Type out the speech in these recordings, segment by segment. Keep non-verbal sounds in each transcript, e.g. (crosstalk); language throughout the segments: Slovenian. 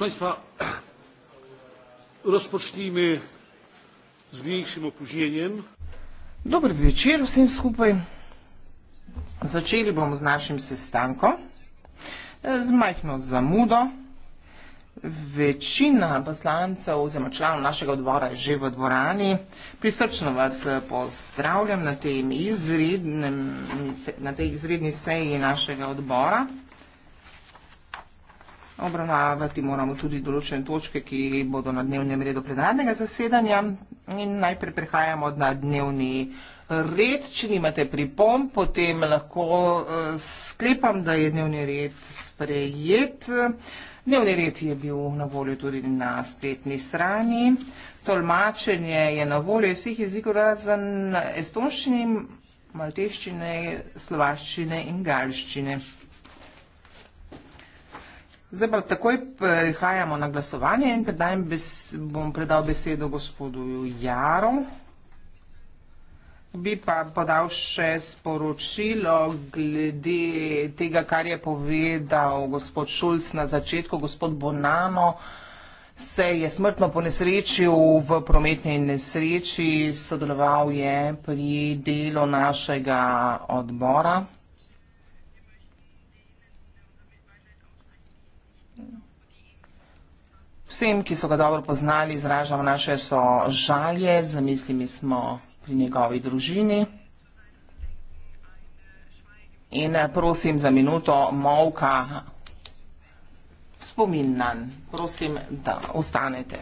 Państwa, rozpocznijmy z mniejszym opóźnieniem. Dobry wieczór wszystkim skupaj. Zaczęli bym z naszym sestanką. Z majchną zamudą. Večina poslancev oziroma članov našega odbora je že v dvorani. Prisrčno vas eh, pozdravljam na, tem izrednem, na tej izredni seji našega odbora. Obravnavati moramo tudi določene točke, ki bodo na dnevnem redu plenarnega zasedanja. In najprej prehajamo na dnevni red. Če nimate pripomb, potem lahko eh, sklepam, da je dnevni red sprejet. Dnevni red je bil na voljo tudi na spletni strani. Tolmačenje je na voljo vseh jezikov razen estonščine, malteščine, slovaščine in galščine. Zdaj pa takoj prihajamo na glasovanje in bes, bom predal besedo gospodu Jaro. Bi pa podal še sporočilo glede tega, kar je povedal gospod Šulc na začetku, gospod Bonano se je smrtno ponesrečil v prometni nesreči, sodeloval je pri delu našega odbora. Vsem, ki so ga dobro poznali, izražamo naše so žalje, z mislimi smo pri njegovi družini. In eh, prosim za minuto molka spomin na nj. Prosim, da ostanete.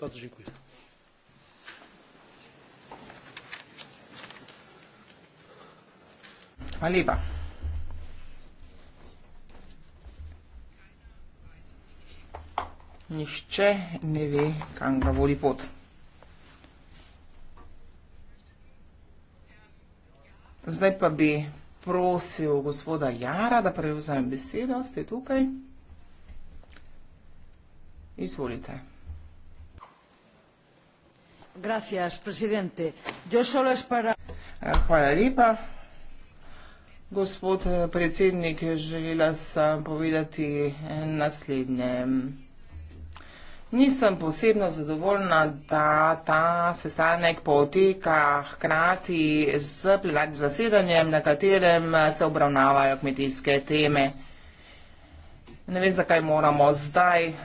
Bardzo dziękuję. Hvala lepa. Nihče ne ve, kam ga vodi pot. Zdaj pa bi prosil gospoda Jara, da prevzame besedo. Ste tukaj? Izvolite. Gracias, presidente. Yo solo es para... Eh, hvala lepa. Gospod eh, predsednik, želela sem povedati eh, naslednje. Nisem posebno zadovoljna, da ta sestanek poteka hkrati z plenarnim zasedanjem, na katerem eh, se obravnavajo kmetijske teme. Ne vem, zakaj moramo zdaj uh,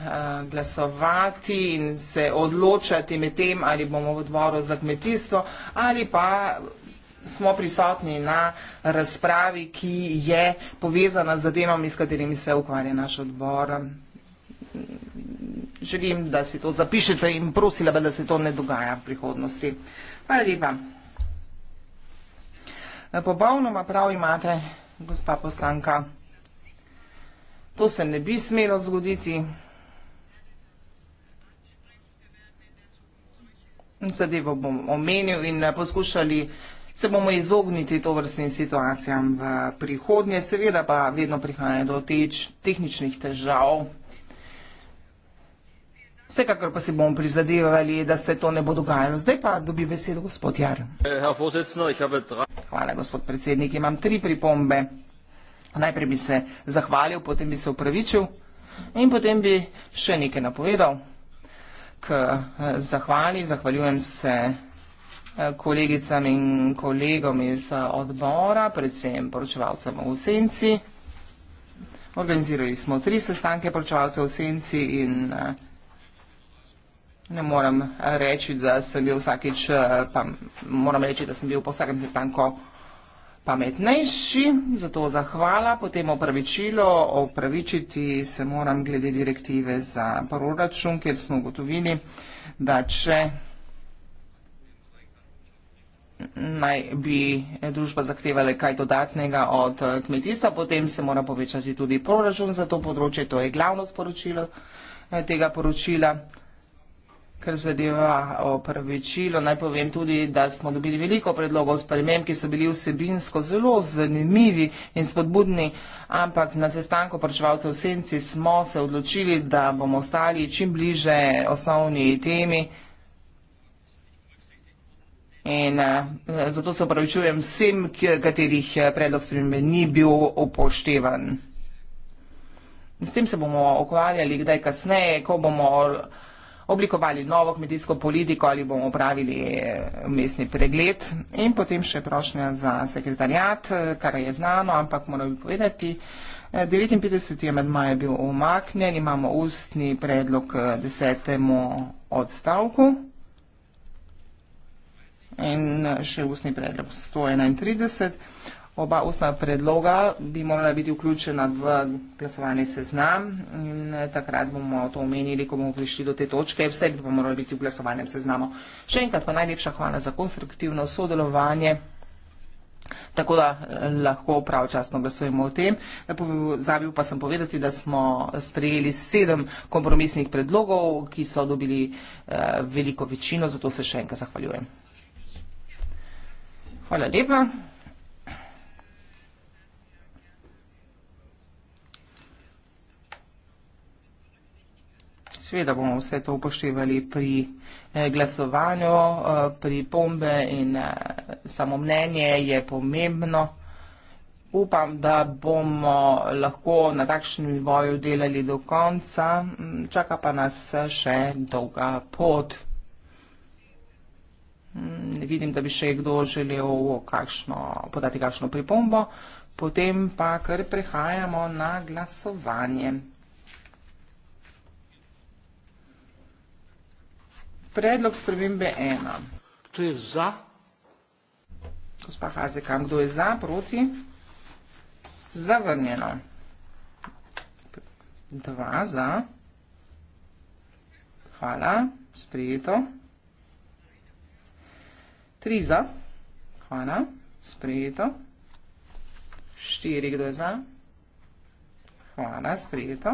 glasovati in se odločati med tem, ali bomo v odboru za kmetijstvo ali pa smo prisotni na razpravi, ki je povezana z zadevami, s katerimi se ukvarja naš odbor. Želim, da si to zapišete in prosila bi, da se to ne dogaja v prihodnosti. Hvala lepa. Popolnoma prav imate, gospa poslanka. To se ne bi smelo zgoditi. Zadevo bom omenil in poskušali se bomo izogniti to vrstnim situacijam v prihodnje. Seveda pa vedno prihaja do teč, tehničnih težav. Vsekakor pa si bomo prizadevali, da se to ne bo dogajalo. Zdaj pa dobi besedo gospod Jar. Eh, Hvala, gospod predsednik. Imam tri pripombe. Najprej bi se zahvalil, potem bi se upravičil in potem bi še nekaj napovedal. K eh, zahvali, zahvaljujem se kolegicam in kolegom iz eh, odbora, predvsem poročevalcem v Senci. Organizirali smo tri sestanke poročevalcev v Senci in eh, ne moram eh, reči, da sem bil vsakič, pa moram reči, da sem bil po vsakem sestanku pametnejši, zato zahvala, potem opravičilo, opravičiti se moram glede direktive za proračun, kjer smo ugotovili, da če naj bi eh, družba zahtevala kaj dodatnega od eh, kmetijstva, potem se mora povečati tudi proračun za to področje, to je glavno sporočilo eh, tega poročila. Ker zadeva opravičilo, naj povem tudi, da smo dobili veliko predlogov sprejem, ki so bili vsebinsko zelo zanimivi in spodbudni, ampak na sestanku pričevalcev v Senci smo se odločili, da bomo ostali čim bliže osnovni temi. In uh, zato se opravičujem vsem, katerih eh, predlog spremembe ni bil upoštevan. S tem se bomo okvarjali kdaj kasneje, ko bomo oblikovali novo kmetijsko politiko ali bomo upravili eh, mestni pregled in potem še prošnja za sekretarjat, kar je znano, ampak moram bi povedati, 59. amedmaj je bil omaknjen, imamo ustni predlog desetemu odstavku in eh, še ustni predlog 131. Oba ustna predloga bi morala biti vključena v glasovanje seznam in eh, takrat bomo to omenili, ko bomo prišli do te točke. Vse bi pa morali biti v glasovanjem seznamo. Še enkrat pa najlepša hvala za konstruktivno sodelovanje, tako da eh, lahko pravčasno glasujemo o tem. Zabil pa sem povedati, da smo sprejeli sedem kompromisnih predlogov, ki so dobili veliko večino, zato se še enkrat zahvaljujem. Hvala lepa. Sveda bomo vse to upoštevali pri eh, glasovanju, eh, pri pombe in eh, samo mnenje je pomembno. Upam, da bomo lahko na takšnem nivoju delali do konca, čaka pa nas še dolga pot. Mm, ne vidim, da bi še kdo želel kakšno, podati kakšno pripombo. Potem pa kar prehajamo na glasovanje. Predlog spremembe ena. Kdo je za? Gospa Hazekam, kdo je za, proti? Zavrnjeno. Dva za. Hvala, sprejeto. Tri za. Hvala. Sprejeto. Štiri, kdo je za? Hvala, sprejeto.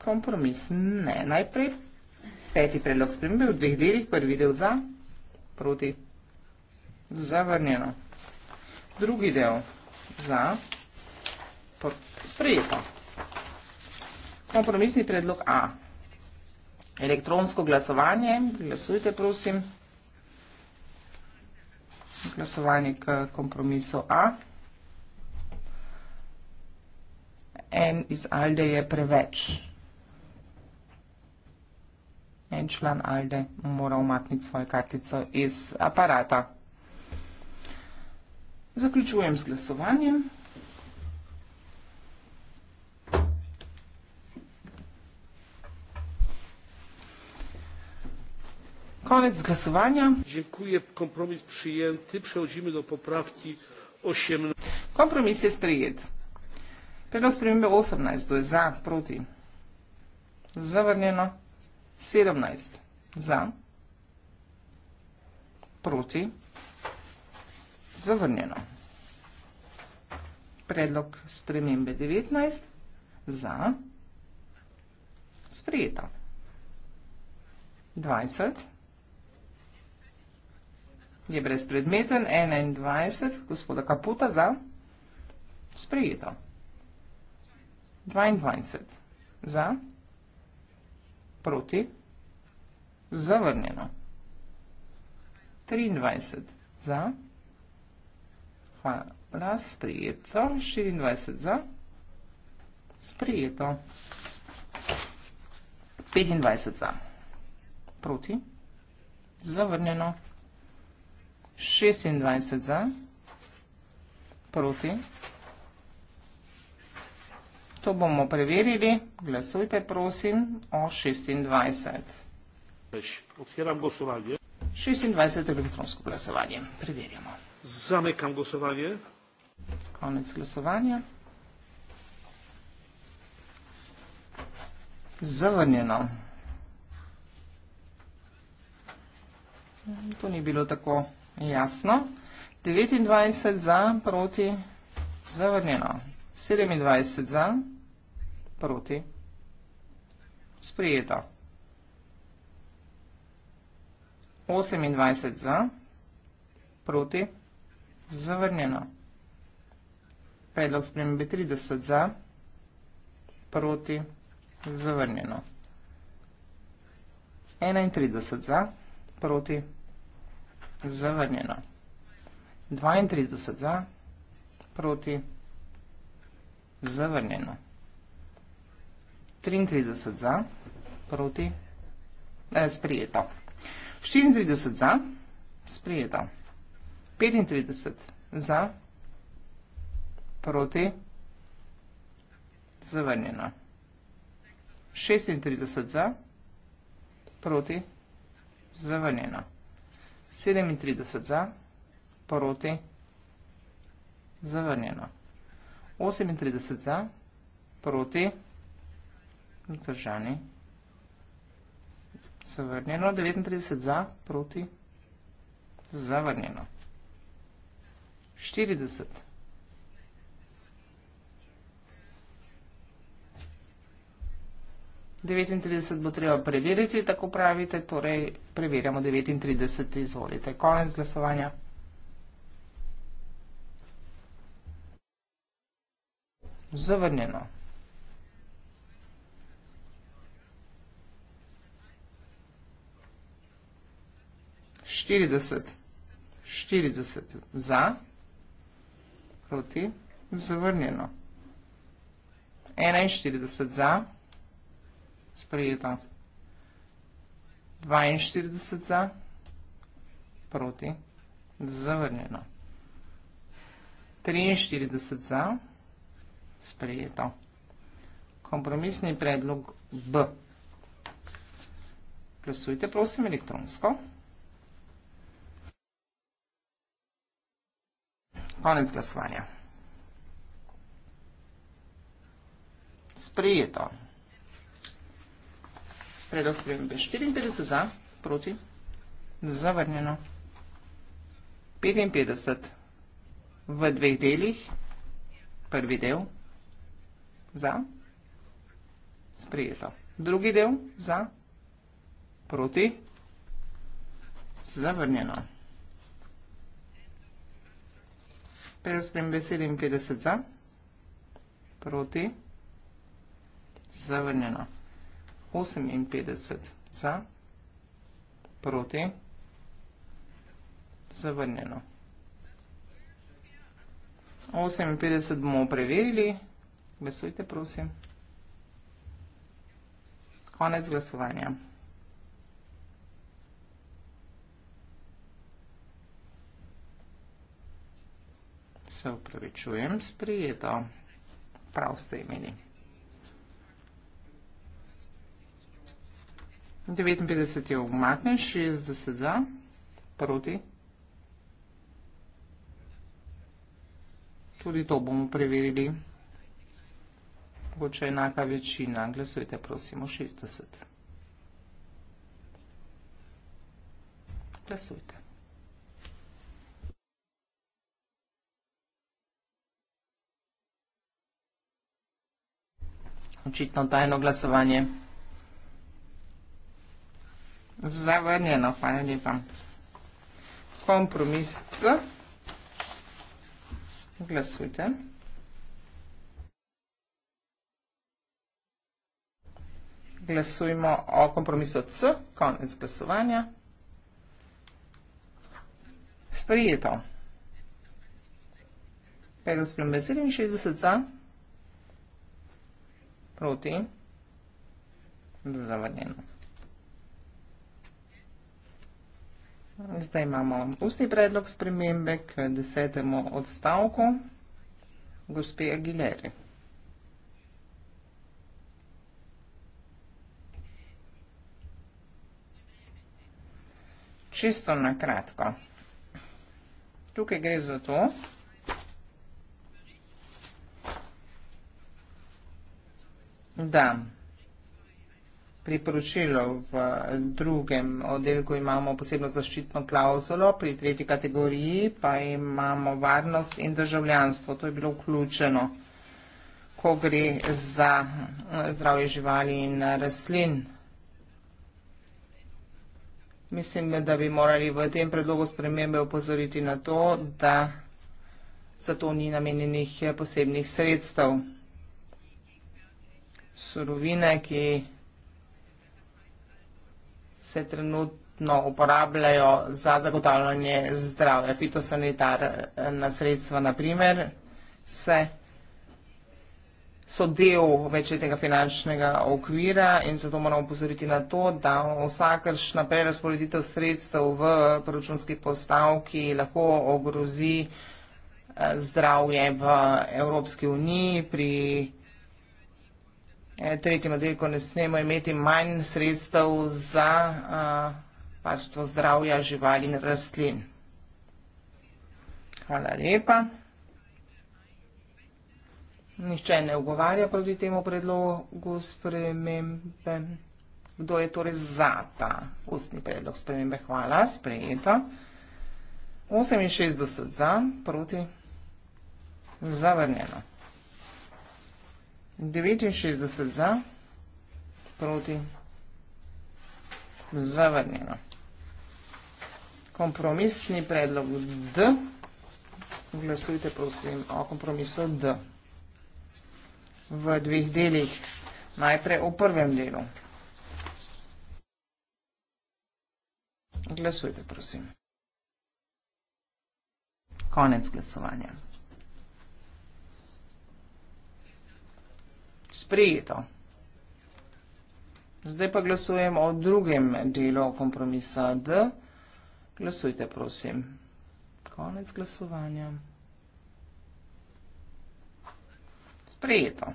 Kompromis ne. Najprej peti predlog spremembe v dveh delih, prvi del za, proti, zavrnjeno. Drugi del za, sprejeto. Kompromisni predlog A elektronsko glasovanje. Glasujte, prosim. Glasovanje k kompromisu A. En iz ALDE je preveč. En član ALDE mora umatniti svojo kartico iz aparata. Zaključujem z glasovanjem. koniec głosowania dziękuję kompromis przyjęty przechodzimy do poprawki 18 kompromis jest przyjęty Predlog spremembe 18, kdo je za, proti, zavrnjeno, 17, za, proti, zavrnjeno. Predlog spremembe 19, za, sprijeta, 20, za je brezpredmeten 21 gospoda Kaputa za sprejeto. 22 za proti zavrnjeno. 23 za hvala sprejeto. 24 za sprejeto. 25 za proti zavrnjeno. 26 za, proti. To bomo preverili. Glasujte, prosim, o 26. 26 elektronsko glasovanje. Preverjamo. Zamekam glasovanje. Konec glasovanja. Zavrnjeno. To ni bilo tako. Jasno. 29 za, proti, zavrnjeno. 27 za, proti, sprijeto. 28 za, proti, zavrnjeno. Predlog spremembe 30 za, proti, zavrnjeno. 31 za, proti, zavrnjeno zavrnjeno. 32 za, proti, zavrnjeno. 33 za, proti, eh, sprijeto. 34 za, sprijeto. 35 za, proti, zavrnjeno. 36 za, proti, zavrnjeno. 37 za, proti, zavrnjeno. 37 za, proti, zavrnjeno. 38 za, proti, vzdržani, zavrnjeno. 39 za, proti, zavrnjeno. 40 za. 39 bo treba preveriti, tako pravite, torej preverjamo 39, izvolite. Konec glasovanja. Zavrnjeno. Štirideset. Štirideset za. Proti. Zavrnjeno. Enainštirideset za. Zavrnjeno. Sprejeta. 42 za, proti, zavrnjeno. 43 za, sprejeto. Kompromisni predlog B. Glasujte, prosim, elektronsko. Konec glasovanja. Sprejeto. Sprejeto. Predlog sprejem je 54 za, proti. Zavrnjeno. 55 v dveh delih. Prvi del za, sprejeto. Drugi del za, proti. Zavrnjeno. Predlog sprejem je 57 za, proti. Zavrnjeno. 58 za, proti, zavrnjeno. 58 bomo preverili. Glasujte, prosim. Konec glasovanja. Se upravičujem, sprijeto. Prav ste imeli. 59 je umaknen, 60 za, proti. Tudi to bomo preverili. Mogoče enaka večina. Glesujte, prosimo, 60. Glesujte. Očitno tajno glasovanje zavrnjeno, hvala lepa. Kompromis C. Glasujte. Glasujmo o kompromisu C, konec glasovanja. Sprijeto. Pedo spremembe 67 za. Proti. Zavrnjeno. Zdaj imamo ustni predlog spremembe k desetemu odstavku gospe Aguilere. Čisto nakratko. Tukaj gre za to, da priporočilo v drugem oddelku imamo posebno zaščitno klauzulo, pri tretji kategoriji pa imamo varnost in državljanstvo. To je bilo vključeno, ko gre za eh, zdravje živali in rastlin. Mislim, da bi morali v tem predlogu spremembe upozoriti na to, da za to ni namenjenih eh, posebnih sredstev. Surovine, ki se trenutno uporabljajo za zagotavljanje zdravja, fitosanitarna eh, sredstva naprimer, se so del večletnega finančnega okvira in zato moramo upozoriti na to, da vsakršna prerasporeditev sredstev v proračunski postavki lahko ogrozi eh, zdravje v Evropski uniji pri proračunski postavki. Eh, tretjim oddelkom ne smemo imeti manj sredstev za eh, varstvo zdravja živali in rastlin. Hvala lepa. Nišče ne ugovarja proti temu predlogu spremembe. Kdo je torej za ta ustni predlog spremembe? Hvala, sprejeta. 68 za, proti, zavrnjeno. 69 za, proti zavrnjeno. Kompromisni predlog D, glasujte prosim o kompromisu D v dveh delih, najprej v prvem delu. Glasujte prosim. Konec glasovanja. sprejeto. Zdaj pa glasujem o drugem delu kompromisa D. Glasujte, prosim. Konec glasovanja. Sprejeto.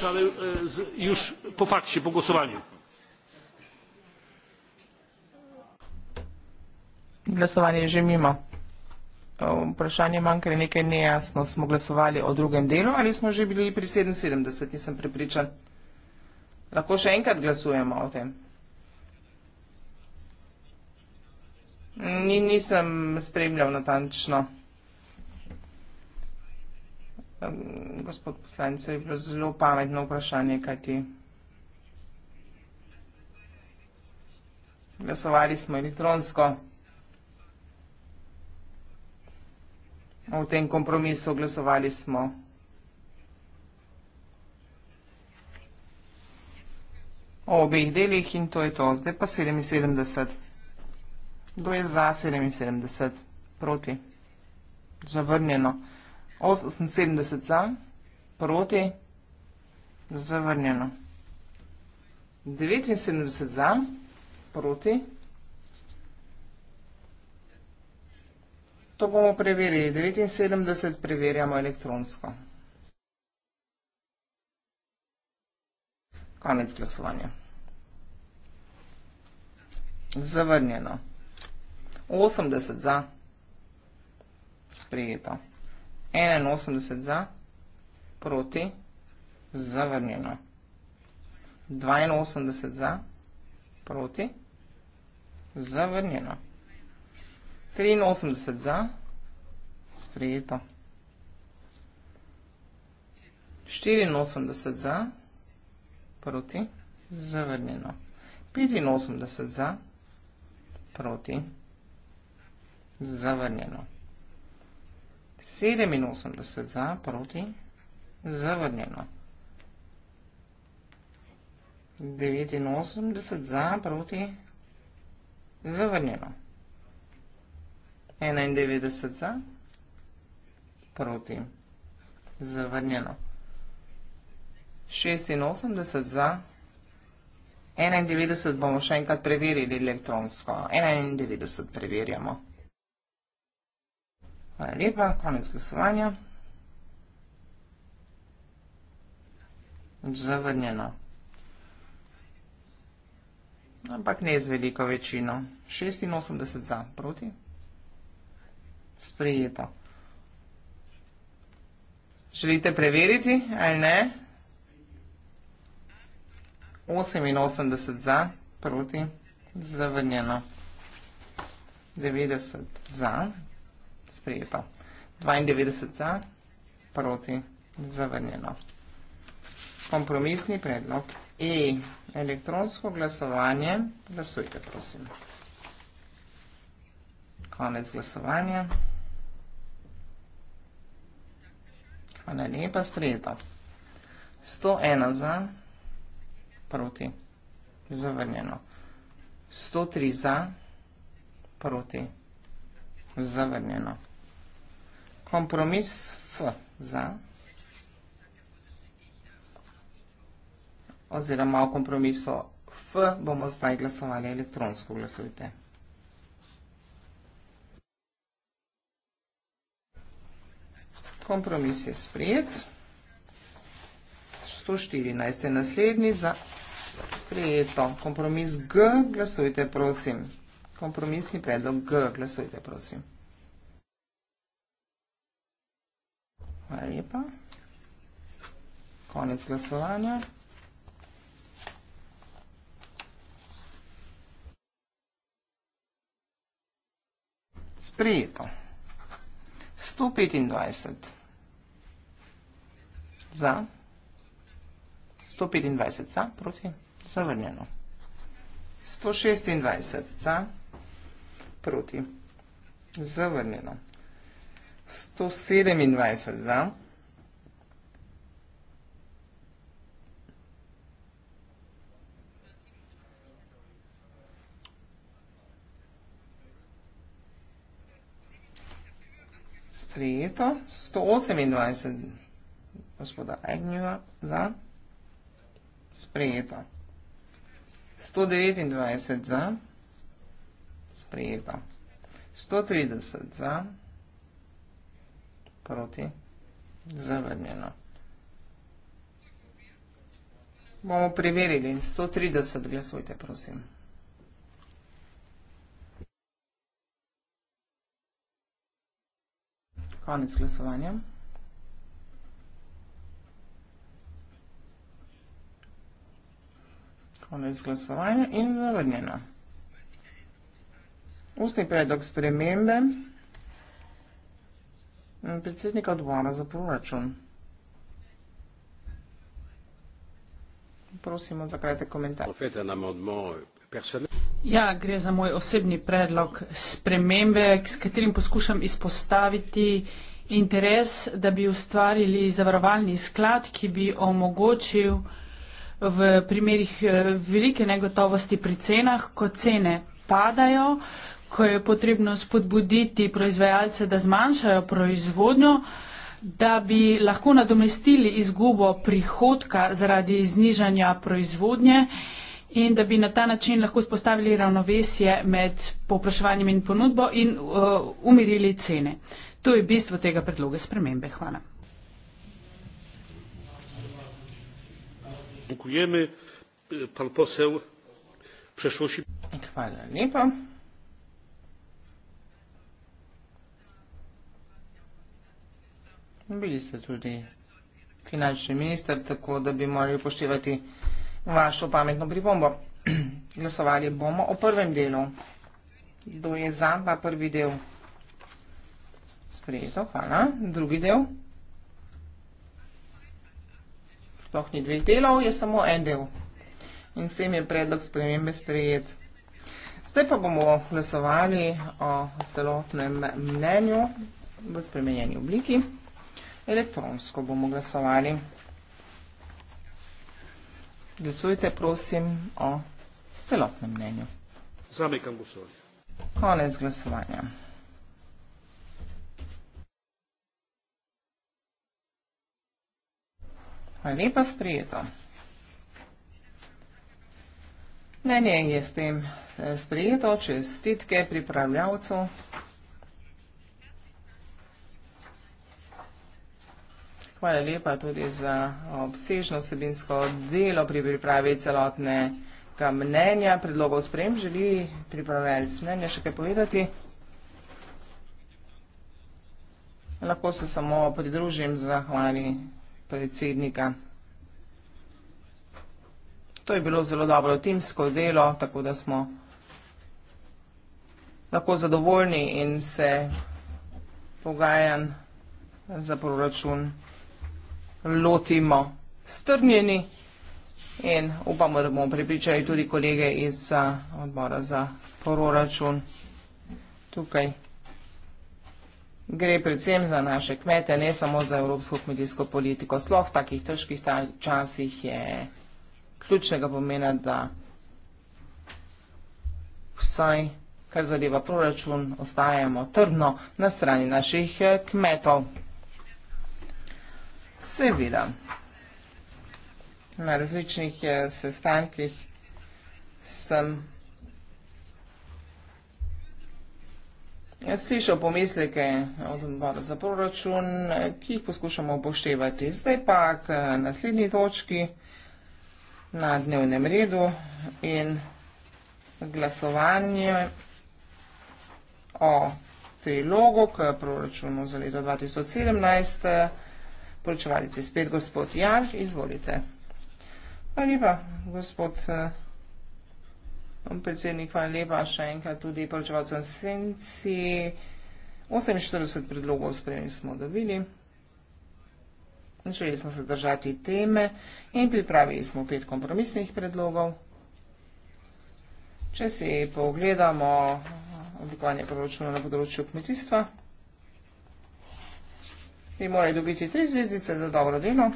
proszę ale e, już po fakcie po głosowaniu. Glasovanje je že mimo. Vprašanje manj, ker je nekaj nejasno. Smo glasovali o drugem delu ali smo že bili pri 77, nisem prepričan. Lahko še enkrat glasujemo o tem. Ni, nisem spremljal natančno gospod poslanec, je bilo zelo pametno vprašanje, kaj ti. Glasovali smo elektronsko. V tem kompromisu glasovali smo. O obeh delih in to je to. Zdaj pa 77. Kdo je za 77? Proti. Zavrnjeno. 78 za, proti, zavrnjeno. 79 za, proti. To bomo preverili. 79 preverjamo elektronsko. Konec glasovanja. Zavrnjeno. 80 za. Sprejeto. 81 za, proti, zavrnjeno. 82 za, proti, zavrnjeno. 83 za, sprejeto. 84 za, proti, zavrnjeno. 85 za, proti, zavrnjeno. 85 za, proti, zavrnjeno. 87 za, proti, zavrnjeno. 89 za, proti, zavrnjeno. 91 za, proti, zavrnjeno. 86 za, 91 bomo še enkrat preverili elektronsko. 91 preverjamo. 91. Hvala lepa, konec glasovanja. Zavrnjeno. Ampak ne z veliko večino. 86 za, proti. Sprejeto. Želite preveriti, ali ne? 88 za, proti, zavrnjeno. 90 za, sprejeto. 92 za, proti, zavrnjeno. Kompromisni predlog. E. Elektronsko glasovanje. Glasujte, prosim. Konec glasovanja. Hvala lepa, sprejeto. 101 za, proti, zavrnjeno. 103 za, proti, zavrnjeno kompromis F za oziroma o kompromiso F bomo zdaj glasovali elektronsko, glasujte. Kompromis je sprejet. 114 je naslednji za sprejeto. Kompromis G, glasujte prosim. Kompromisni predlog G, glasujte prosim. Hvala lepa. Konec glasovanja. Sprejeto. 125 za, 125 za, proti, zavrnjeno. 126 za, proti, zavrnjeno. 128. 127 za. Sprejeto. 128 gospoda Agnjeva za. Sprejeto. 129 za. Sprejeto. 130 za. Sprejeto proti, zavrnjeno. Bomo preverili. 130 glasujte, prosim. Konec glasovanja. Konec glasovanja in zavrnjeno. Ustni predlog spremembe predsednika odbora za proračun. Prosimo za kratek komentar. Ja, gre za moj osebni predlog spremembe, s katerim poskušam izpostaviti interes, da bi ustvarili zavarovalni sklad, ki bi omogočil v primerih eh, velike negotovosti pri cenah, ko cene padajo, ko je potrebno spodbuditi proizvajalce, da zmanjšajo proizvodnjo, da bi lahko nadomestili izgubo prihodka zaradi znižanja proizvodnje in da bi na ta način lahko spostavili ravnovesje med poprašovanjem in ponudbo in uh, umirili cene. To je bistvo tega predloga spremembe. Hvala. Dokujeme, pan posel, Hvala lepa. Bili ste tudi finančni minister, tako da bi morali upoštevati vašo pametno pripombo. (clears throat) Glasovali bomo o prvem delu. Kdo je za, da prvi del sprejeto? Hvala. Drugi del? Sploh ni dveh delov, je samo en del. In s tem je predlog spremembe sprejet. Zdaj pa bomo glasovali o celotnem mnenju v spremenjeni obliki elektronsko bomo glasovali. Glasujte, prosim, o celotnem mnenju. Zamekam glasovanje. Konec glasovanja. Hvala lepa, sprejeto. Mnenje je s tem eh, sprejeto, čestitke pripravljavcu. Hvala lepa tudi za obsežno sebinsko delo pri pripravi celotnega mnenja. Predlogov sprem želi pripravljalec mnenja še kaj povedati. Lahko se samo pridružim zahvali predsednika. To je bilo zelo dobro timsko delo, tako da smo lahko zadovoljni in se pogajan za proračun lotimo strnjeni in upamo, da bomo pripričali tudi kolege iz odbora za proračun tukaj. Gre predvsem za naše kmete, ne samo za evropsko kmetijsko politiko. Sploh v takih težkih časih je ključnega pomena, da vsaj, kar zadeva proračun, ostajamo trdno na strani naših eh, kmetov. Seveda. Na različnih eh, sestankih sem eh, slišal pomisleke od odbora za proračun, eh, ki jih poskušamo upoštevati. Zdaj pa k naslednji točki na dnevnem redu in glasovanje o trilogu k proračunu za leto 2017 poročevalci. Spet gospod Jan, izvolite. Hvala lepa, eh, gospod predsednik, hvala lepa še enkrat tudi poročevalcem Senci. 48 predlogov spremljeni smo dobili. Želeli smo se držati teme in pripravili smo pet kompromisnih predlogov. Če si pogledamo oblikovanje proračuna na področju kmetijstva, bi morali dobiti tri zvezdice za dobro delo.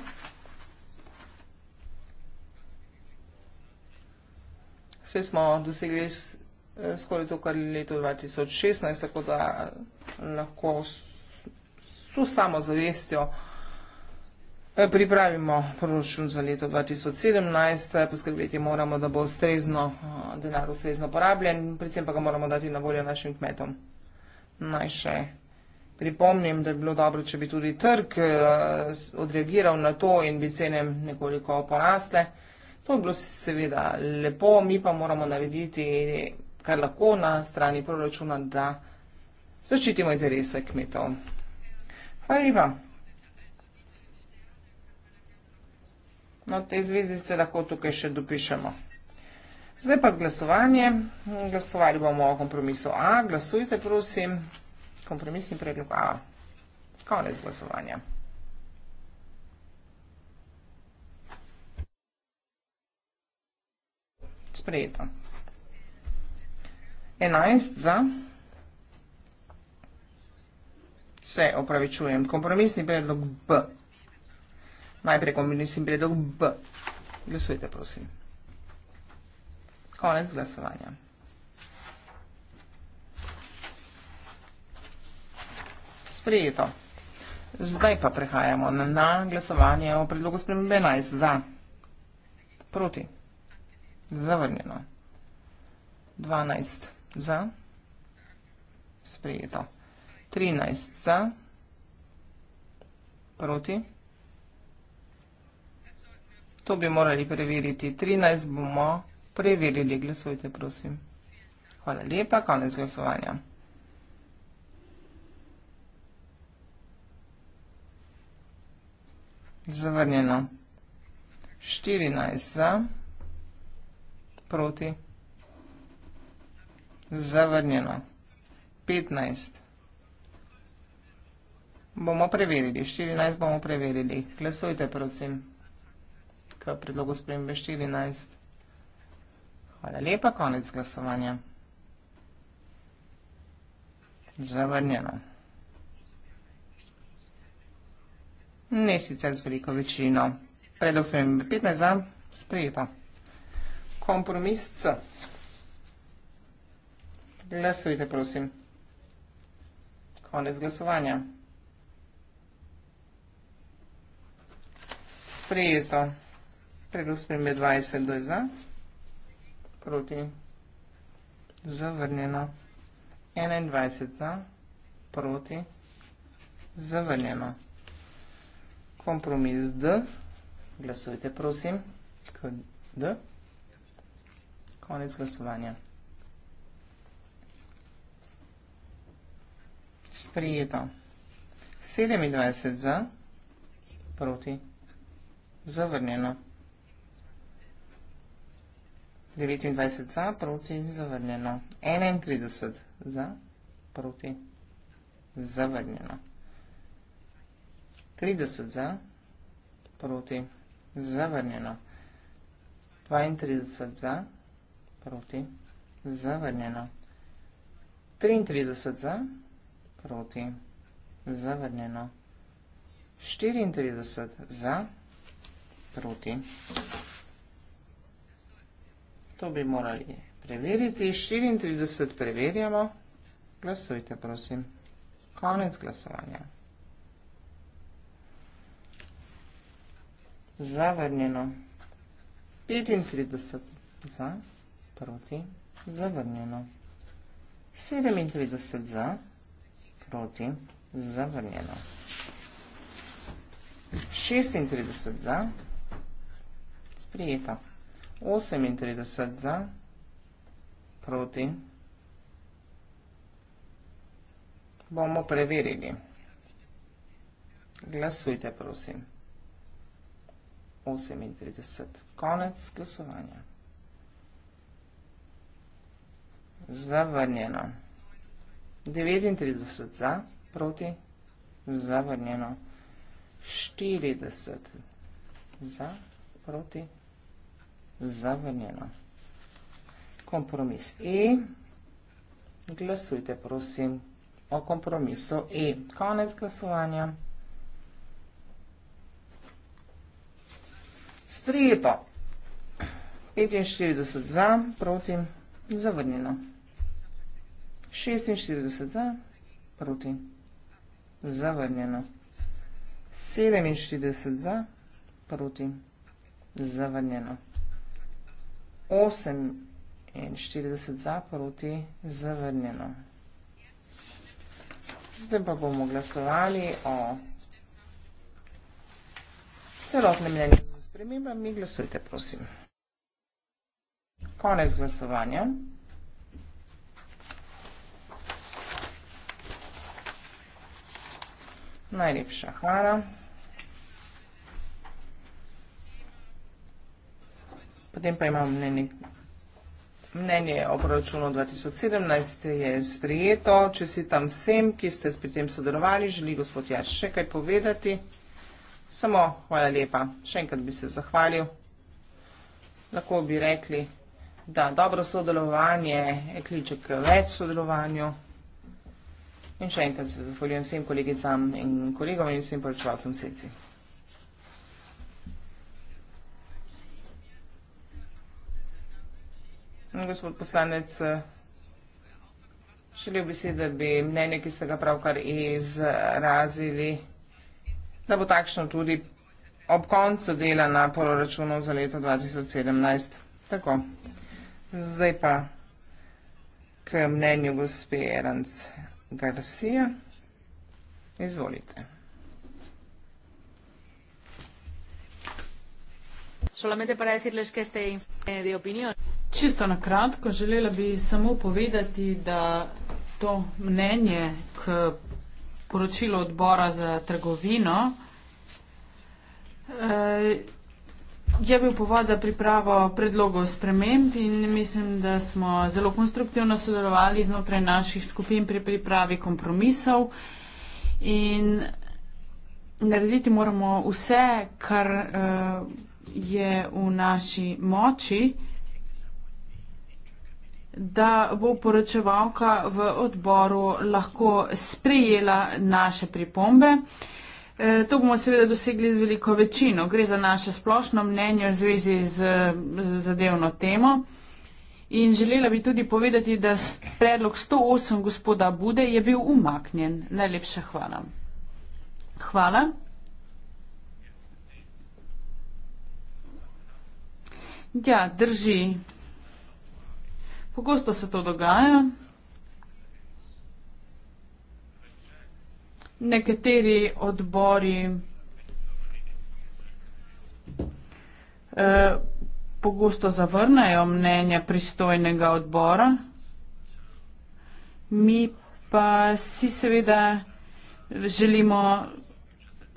Sve smo dosegli eh, skoraj to, kar je leto 2016, tako da eh, lahko vso samo zavestjo eh, pripravimo proračun za leto 2017. Poskrbeti moramo, da bo denar ustrezno porabljen, predvsem pa ga moramo dati na voljo našim kmetom. Naj še nekaj. Pripomnim, da bi bilo dobro, če bi tudi trg eh, odreagiral na to in bi cene nekoliko porasle. To bi bilo seveda lepo, mi pa moramo narediti, kar lahko na strani proračuna, da zaščitimo interese kmetov. Hvala lepa. No, te zvezdice lahko tukaj še dopišemo. Zdaj pa glasovanje. Glasovali bomo o kompromisu A. Glasujte, prosim kompromisni predlog A. Konec glasovanja. Sprejeto. 11 za. Se opravičujem. Kompromisni predlog B. Najprej kompromisni predlog B. Glasujte, prosim. Konec glasovanja. sprejeto. Zdaj pa prehajamo na glasovanje o predlogu spremembe 11 za, proti, zavrnjeno, 12 za, sprejeto, 13 za, proti. To bi morali preveriti. 13 bomo preverili. Glasujte, prosim. Hvala lepa. Konec glasovanja. zavrnjeno. 14 proti, zavrnjeno. 15 bomo preverili, 14 bomo preverili. Glasujte, prosim, k predlogu spremembe 14. Hvala lepa, konec glasovanja. Zavrnjeno. ne sicer z veliko večino. Predlog spremembe 15 za, sprejeta. Kompromis C. Glasujte, prosim. Konec glasovanja. Sprejeto. Predlog spremembe 20 do za, proti. Zavrnjeno. 21 za, proti. Zavrnjeno компромис D. Гласувайте, просим. К D. Конец гласувания. Сприето. 27 за. Проти. Завърнено. 29 за. Проти. Завърнено. 31 за. Проти. Завърнено. 30 za, proti, zavrnjeno. 32 za, proti, zavrnjeno. 33 za, proti, zavrnjeno. 34 za, proti. To bi morali preveriti. 34 preverjamo. Glasujte, prosim. Konec glasovanja. Zavrnjeno. 35 za, proti, zavrnjeno. 37 za, proti, zavrnjeno. 36 za, sprijeta. 38 za, proti. Bomo preverili. Glasujte, prosim. 38. Konec glasovanja. Zavrnjeno. 39 za, proti, zavrnjeno. 40 za, proti, zavrnjeno. Kompromis E. Glasujte, prosim, o kompromisu E. Konec glasovanja. Sprejeto. 45 za, proti, zavrnjeno. 46 za, proti, zavrnjeno. 47 za, proti, zavrnjeno. 48 za, proti, zavrnjeno. Zdaj pa bomo glasovali o celotnem mnenju spremembami. Glasujte, prosim. Konec glasovanja. Najlepša hvala. Potem pa imam mnenje, mnenje o proračunu 2017 je sprijeto. Če si tam vsem, ki ste s pri tem sodelovali, želi gospod Jarš še kaj povedati. Samo hvala lepa. Še enkrat bi se zahvalil. Lahko bi rekli, da dobro sodelovanje je kliče k več sodelovanju. In še enkrat se zahvaljujem vsem kolegicam in kolegom in vsem poročevalcem seci. Gospod poslanec, želel bi si, da bi mnenje, ki ste ga pravkar izrazili, da bo takšno tudi ob koncu dela na proračunu za leto 2017. Tako. Zdaj pa k mnenju gospe Erant Garcia. Izvolite. Čisto na kratko, želela bi samo povedati, da to mnenje k poročilo odbora za trgovino. Eh, je bil povod za pripravo predlogov sprememb in mislim, da smo zelo konstruktivno sodelovali znotraj naših skupin pri pripravi kompromisov in narediti moramo vse, kar eh, je v naši moči da bo poročevalka v odboru lahko sprejela naše pripombe. E, to bomo seveda dosegli z veliko večino. Gre za naše splošno mnenje v zvezi z zadevno temo. In želela bi tudi povedati, da predlog 108 gospoda Bude je bil umaknjen. Najlepša hvala. Hvala. Ja, drži. Pogosto se to dogaja. Nekateri odbori eh, pogosto zavrnejo mnenje pristojnega odbora. Mi pa si seveda želimo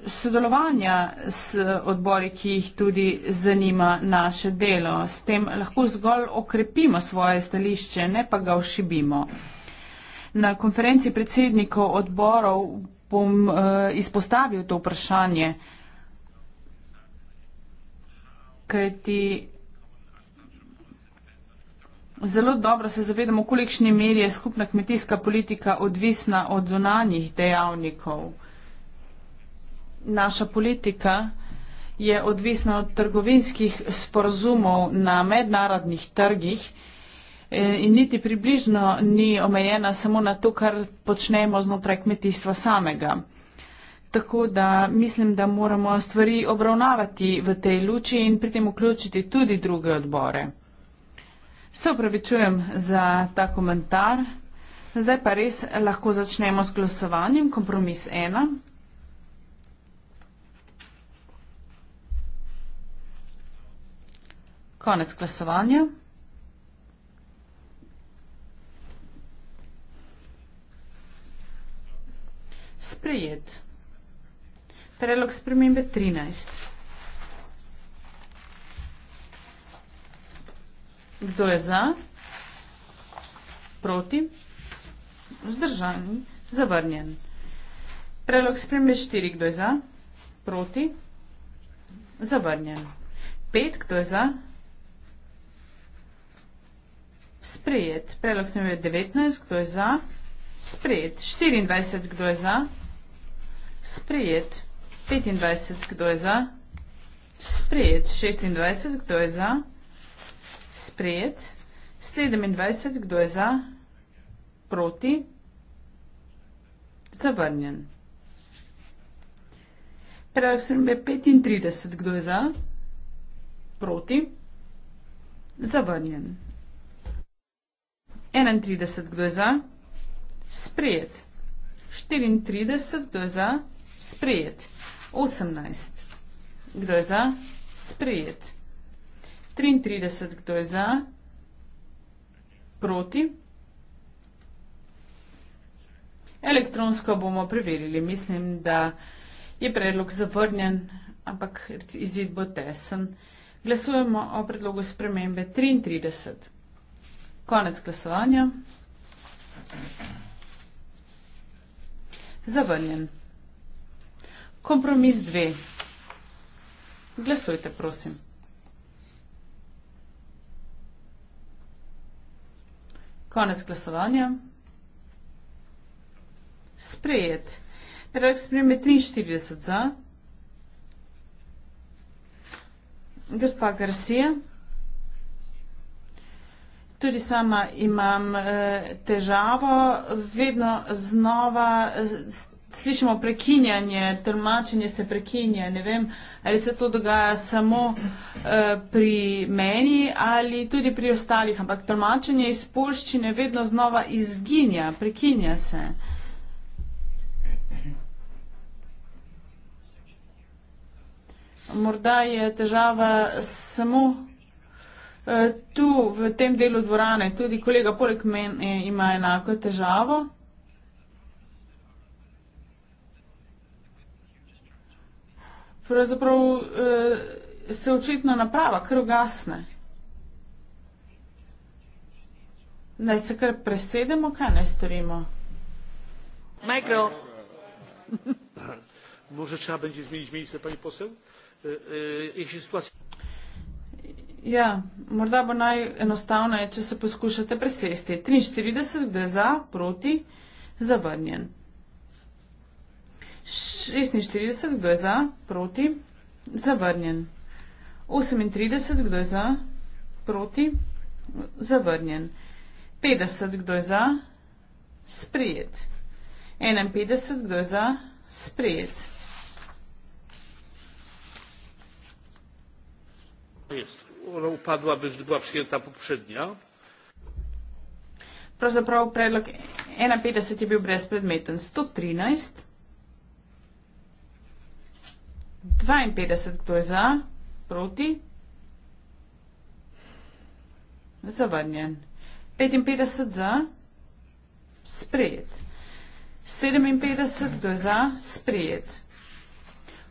sodelovanja s odbori, ki jih tudi zanima naše delo. S tem lahko zgolj okrepimo svoje stališče, ne pa ga ošibimo. Na konferenci predsednikov odborov bom eh, izpostavil to vprašanje, kajti zelo dobro se zavedamo, v kolikšni meri je skupna kmetijska politika odvisna od zunanjih dejavnikov naša politika je odvisna od trgovinskih sporazumov na mednarodnih trgih eh, in niti približno ni omejena samo na to, kar počnemo znotraj kmetijstva samega. Tako da mislim, da moramo stvari obravnavati v tej luči in pri tem vključiti tudi druge odbore. Se upravičujem za ta komentar. Zdaj pa res lahko začnemo s glasovanjem. Kompromis ena. Konec glasovanja. Sprejet. Predlog spremembe 13. Kdo je za? Proti? Vzdržan? Zavrnjen. Predlog spremembe 4. Kdo je za? Proti? Zavrnjen. 5. Kdo je za? Proti? sprejet. Predlog sem imel 19, kdo je za? Sprejet. 24, kdo je za? Sprejet. 25, kdo je za? Sprejet. 26, kdo je za? Sprejet. 27, kdo je za? Proti. Zavrnjen. Predlog sem imel 35, kdo je za? Proti. Zavrnjen. 31 kdo je za? Sprejet. 34 kdo je za? Sprejet. 18 kdo je za? Sprejet. 33 kdo je za? Proti. Elektronsko bomo preverili. Mislim, da je predlog zavrnjen, ampak izid bo tesen. Glasujemo o predlogu spremembe 33. Konec glasovanja. Zavrnjen. Kompromis 2. Glasujte, prosim. Konec glasovanja. Sprejet. Predlog spremembe 43 za. Gospa Garcia. Tudi sama imam eh, težavo, vedno znova eh, slišimo prekinjanje, tolmačenje se prekinja. Ne vem, ali se to dogaja samo eh, pri meni ali tudi pri ostalih, ampak tolmačenje iz polščine vedno znova izginja, prekinja se. Morda je težava samo. E, tu v tem delu dvorane tudi kolega poleg mene ima enako težavo. Pravzaprav e, se očitno naprava kar ugasne. Naj se kar presedemo, kaj naj storimo? Mikro. Mogoče treba bo zmeniti mesto, pani poslanka. E, Ja, morda bo najenostavnejše, če se poskušate presesti. 43 gre za, proti, zavrnjen. 46 gre za, proti, zavrnjen. 38 gre za, proti, zavrnjen. 50 gre za, sprijet. 51 gre za, sprijet. Jest upadłaby gdyby była przyjęta poprzednia. Pravzaprav predlog 51 je bil brezpredmeten. 113. 52, kdo je za? Proti? Zavrnjen. 55 za? Sprejet. 57, kdo je za? Sprejet.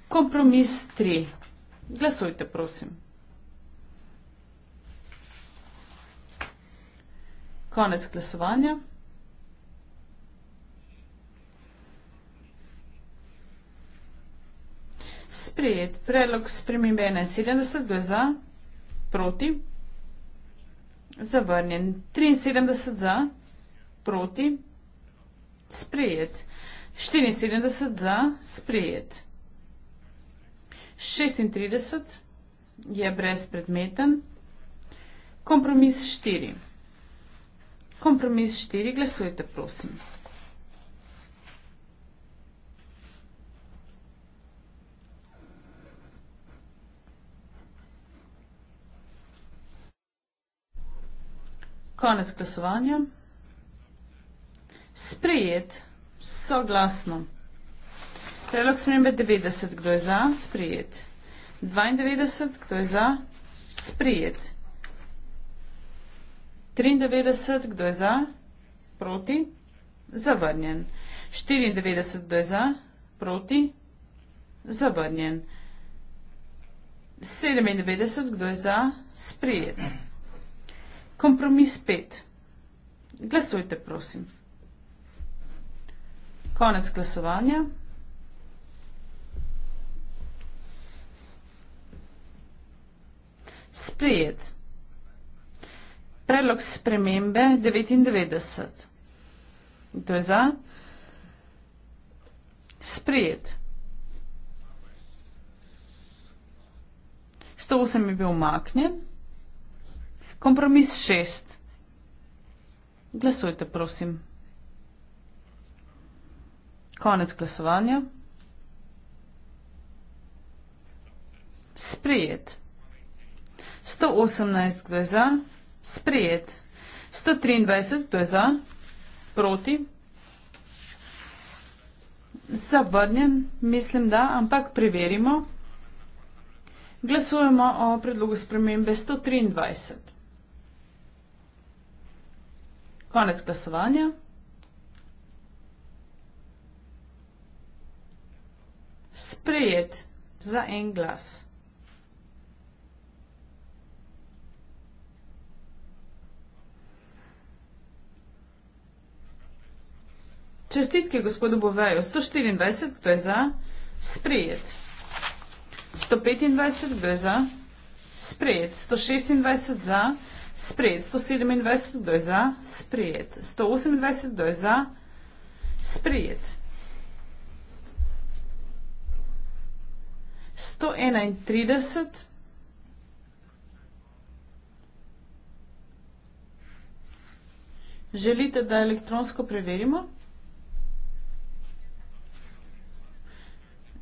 Kompromis 3. Glasujte, prosim. Konec glasovanja. Sprejet. Predlog spremembe 71 je za, proti, zavrnjen. 73 za, proti, sprejet. 74 za, sprejet. 36 je brezpredmeten. Kompromis 4. Kompromis štiri, glasujte prosim. Konec glasovanja. Sprejet. Soglasno. Predlog smembe 90. Kdo je za? Sprejet. 92. Kdo je za? Sprejet. Sprejet. 93, kdo je za? Proti? Zavrnjen. 94, kdo je za? Proti? Zavrnjen. 97, kdo je za? Sprijet. Kompromis 5. Glasujte, prosim. Konec glasovanja. Sprijet. Sprijet predlog spremembe 99. In to je za sprejet. 108 je bil umaknjen. Kompromis 6. Glasujte, prosim. Konec glasovanja. Sprejet. 118 glasov za sprejet. 123, to je za, proti, zavrnjen, mislim da, ampak preverimo. Glasujemo o predlogu spremembe 123. Konec glasovanja. Sprejet za en glas. Čestitke gospodu Boveju. 124 gre za sprejet. 125 gre za sprejet. 126 za sprejet. 127 gre za sprejet. 128 gre za sprejet. 131. Želite, da elektronsko preverimo?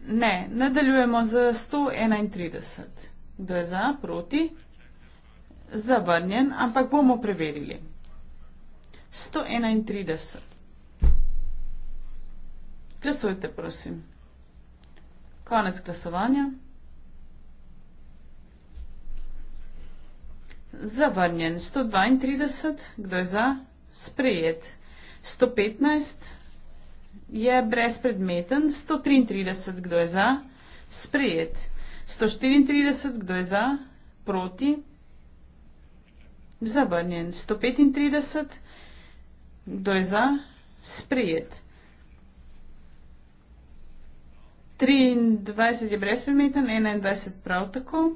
Ne, nadaljujemo z 131. Kdo je za, proti? Zavrnjen, ampak bomo preverili. 131. Glasujte, prosim. Konec glasovanja. Zavrnjen. 132. Kdo je za? Sprejet. 115 je brezpredmeten. 133, kdo je za, sprejet. 134, kdo je za, proti, zavrnjen. 135, kdo je za, sprejet. 23 je brezpredmeten, 21 prav tako.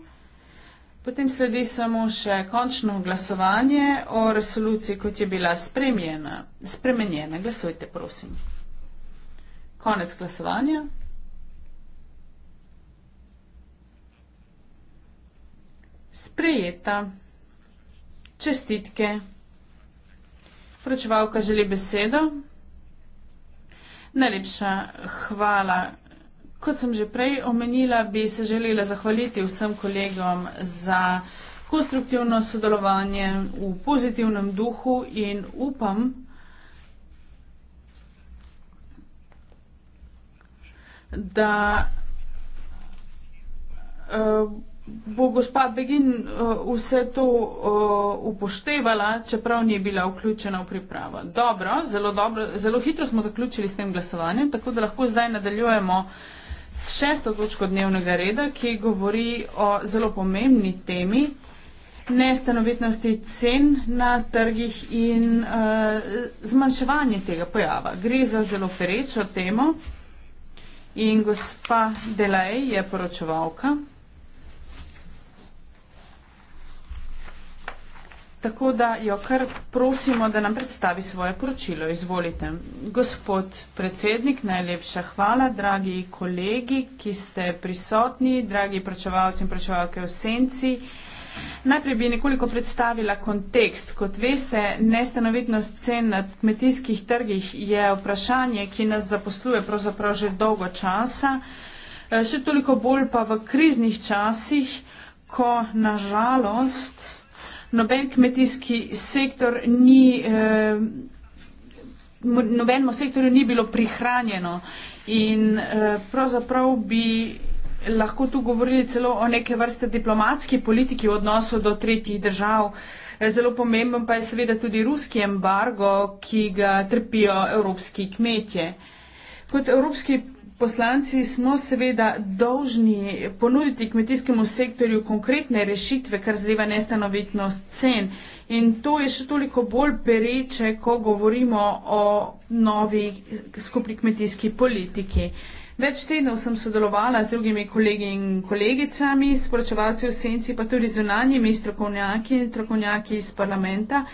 Potem sledi samo še končno glasovanje o resoluciji, kot je bila spremenjena. Glasujte, prosim. Konec glasovanja. Sprejeta. Čestitke. Vročevalka želi besedo. Najlepša hvala. Kot sem že prej omenila, bi se želela zahvaliti vsem kolegom za konstruktivno sodelovanje v pozitivnem duhu in upam, da da eh, bo gospa Begin eh, vse to eh, upoštevala, čeprav ni bila vključena v pripravo. Dobro, zelo, dobro, zelo hitro smo zaključili s tem glasovanjem, tako da lahko zdaj nadaljujemo s šesto točko dnevnega reda, ki govori o zelo pomembni temi nestanovitnosti cen na trgih in uh, zmanjševanje tega pojava. Gre za zelo perečo temo. In gospa Delaj je poročevalka. Tako da jo kar prosimo, da nam predstavi svoje poročilo. Izvolite. Gospod predsednik, najlepša hvala, dragi kolegi, ki ste prisotni, dragi poročevalci in poročevalke v senci. Najprej bi nekoliko predstavila kontekst. Kot veste, nestanovitnost cen na kmetijskih trgih je vprašanje, ki nas zaposluje pravzaprav že dolgo časa, eh, še toliko bolj pa v kriznih časih, ko na žalost noben kmetijski sektor ni. Eh, nobenemu sektorju ni bilo prihranjeno in eh, pravzaprav bi lahko tu govorili celo o neke vrste diplomatski politiki v odnosu do tretjih držav. Zelo pomemben pa je seveda tudi ruski embargo, ki ga trpijo evropski kmetje. Kot evropski poslanci smo seveda dolžni ponuditi kmetijskemu sektorju konkretne rešitve, kar zadeva nestanovitnost cen. In to je še toliko bolj pereče, ko govorimo o novi skupni kmetijski politiki. Več tednov sem sodelovala z drugimi kolegi in kolegicami, s poročevalci v senci, pa tudi zunanjimi strokovnjaki in strokovnjaki iz parlamenta.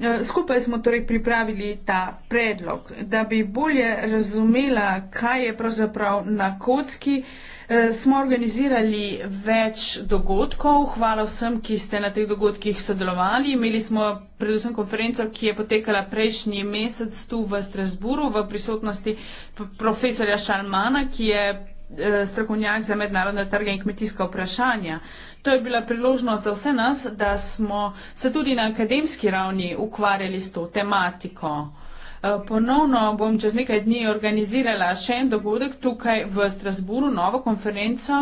Eh, skupaj smo torej pripravili ta predlog, da bi bolje razumela, kaj je pravzaprav na kocki. Eh, smo organizirali več dogodkov. Hvala vsem, ki ste na teh dogodkih sodelovali. Imeli smo predvsem konferenco, ki je potekala prejšnji mesec tu v Strasburu v prisotnosti profesorja Šalmana, ki je eh, strokovnjak za mednarodne trge in kmetijska vprašanja. To je bila priložnost za vse nas, da smo se tudi na akademski ravni ukvarjali s to tematiko. Eh, ponovno bom čez nekaj dni organizirala še en dogodek tukaj v Strasburu, novo konferenco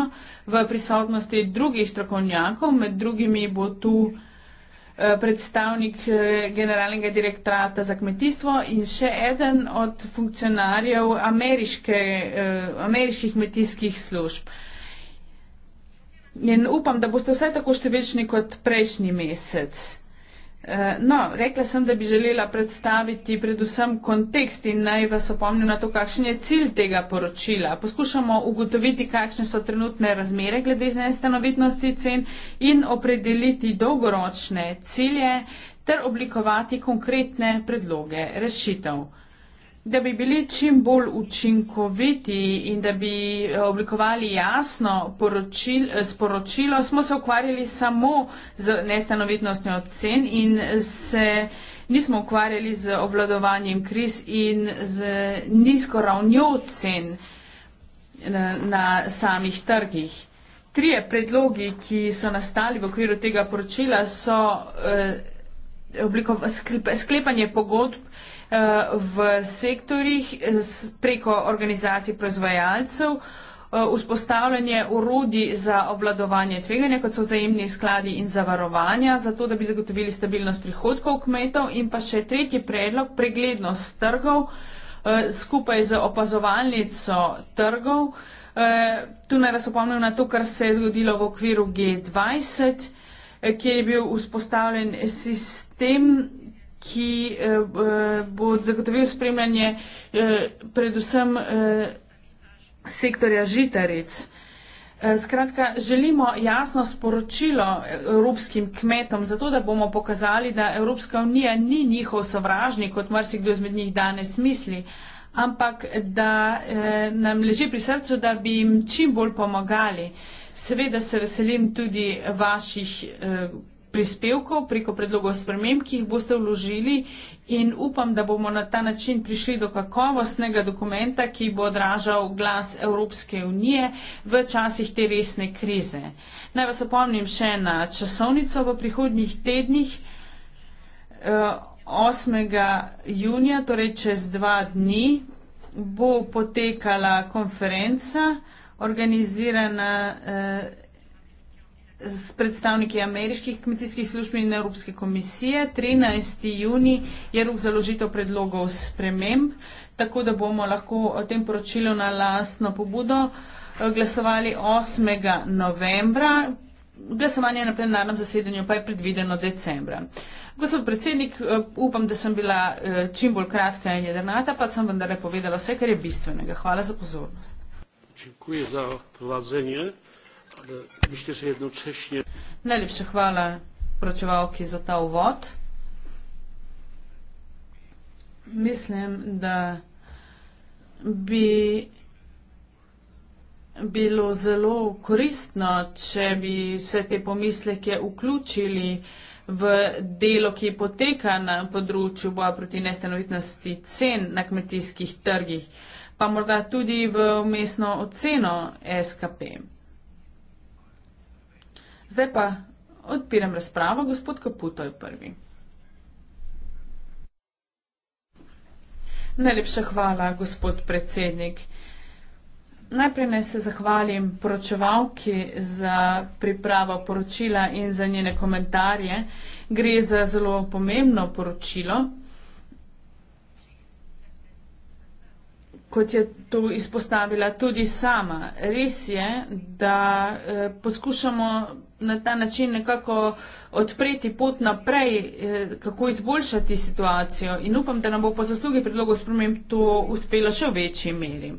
v prisotnosti drugih strokovnjakov, med drugimi bo tu eh, predstavnik eh, generalnega direktorata za kmetijstvo in še eden od funkcionarjev ameriške, ameriških kmetijskih služb. In upam, da boste vsaj tako številčni kot prejšnji mesec. Eh, no, rekla sem, da bi želela predstaviti predvsem kontekst in naj vas opomnim na to, kakšen je cilj tega poročila. Poskušamo ugotoviti, kakšne so trenutne razmere glede nestanovitnosti cen in opredeliti dolgoročne cilje ter oblikovati konkretne predloge rešitev. Da bi bili čim bolj učinkoviti in da bi eh, oblikovali jasno poročil, eh, sporočilo, smo se ukvarjali samo z nestanovitnostjo ocen in se nismo ukvarjali z obvladovanjem kriz in z nizko ravnjo ocen na, eh, na samih trgih. Trije predlogi, ki so nastali v okviru tega poročila, so eh, oblikov, sklep, sklepanje pogodb, eh, v sektorjih preko organizacij proizvajalcev, eh, vzpostavljanje urodi za obvladovanje tveganja, kot so vzajemni skladi in zavarovanja, zato da bi zagotovili stabilnost prihodkov kmetov in pa še tretji predlog, preglednost trgov eh, skupaj z opazovalnico trgov. Eh, tu naj vas opomnim na to, kar se je zgodilo v okviru G20, kjer je bil vzpostavljen sistem ki eh, eh, bo zagotovil spremljanje eh, predvsem sektorja žitaric. Skratka, želimo jasno sporočilo evropskim kmetom, zato da bomo pokazali, da Evropska unija ni njihov sovražnik, kot marsikdo izmed njih danes misli, ampak da nam leži pri srcu, da bi jim čim bolj pomagali. Seveda se veselim tudi vaših prispevkov, preko predlogov sprememb, ki jih boste vložili in upam, da bomo na ta način prišli do kakovostnega dokumenta, ki bo odražal glas Evropske unije v časih te resne krize. Naj vas opomnim še na časovnico v prihodnjih tednih. 8. Eh, junija, torej čez dva dni, bo potekala konferenca organizirana. Eh, s predstavniki ameriških kmetijskih služb in Evropske komisije. 13. juni je rok založitev predlogov sprememb, tako da bomo lahko o tem poročilu na lastno pobudo eh, glasovali 8. novembra. Glasovanje na plenarnem zasedanju pa je predvideno decembra. Gospod predsednik, eh, upam, da sem bila eh, čim bolj kratka in jedrnata, pa sem vendarle povedala vse, kar je bistvenega. Hvala za pozornost. Dziękuję za prowadzenie. Mislim, že jednočešnje. Najlepša hvala pročevalki za ta uvod. Mislim, da bi bilo zelo koristno, če bi vse te pomisleke vključili v delo, ki poteka na področju boja proti nestanovitnosti cen na kmetijskih trgih, pa morda tudi v mestno oceno SKP. Zdaj pa odpiram razpravo. Gospod Kaputo je prvi. Najlepša hvala, gospod predsednik. Najprej naj se zahvalim poročevalki za pripravo poročila in za njene komentarje. Gre za zelo pomembno poročilo. kot je to izpostavila tudi sama. Res je, da eh, poskušamo na ta način nekako odpreti pot naprej, eh, kako izboljšati situacijo in upam, da nam bo po zaslugi predlogov sprememb to uspelo še v večji meri.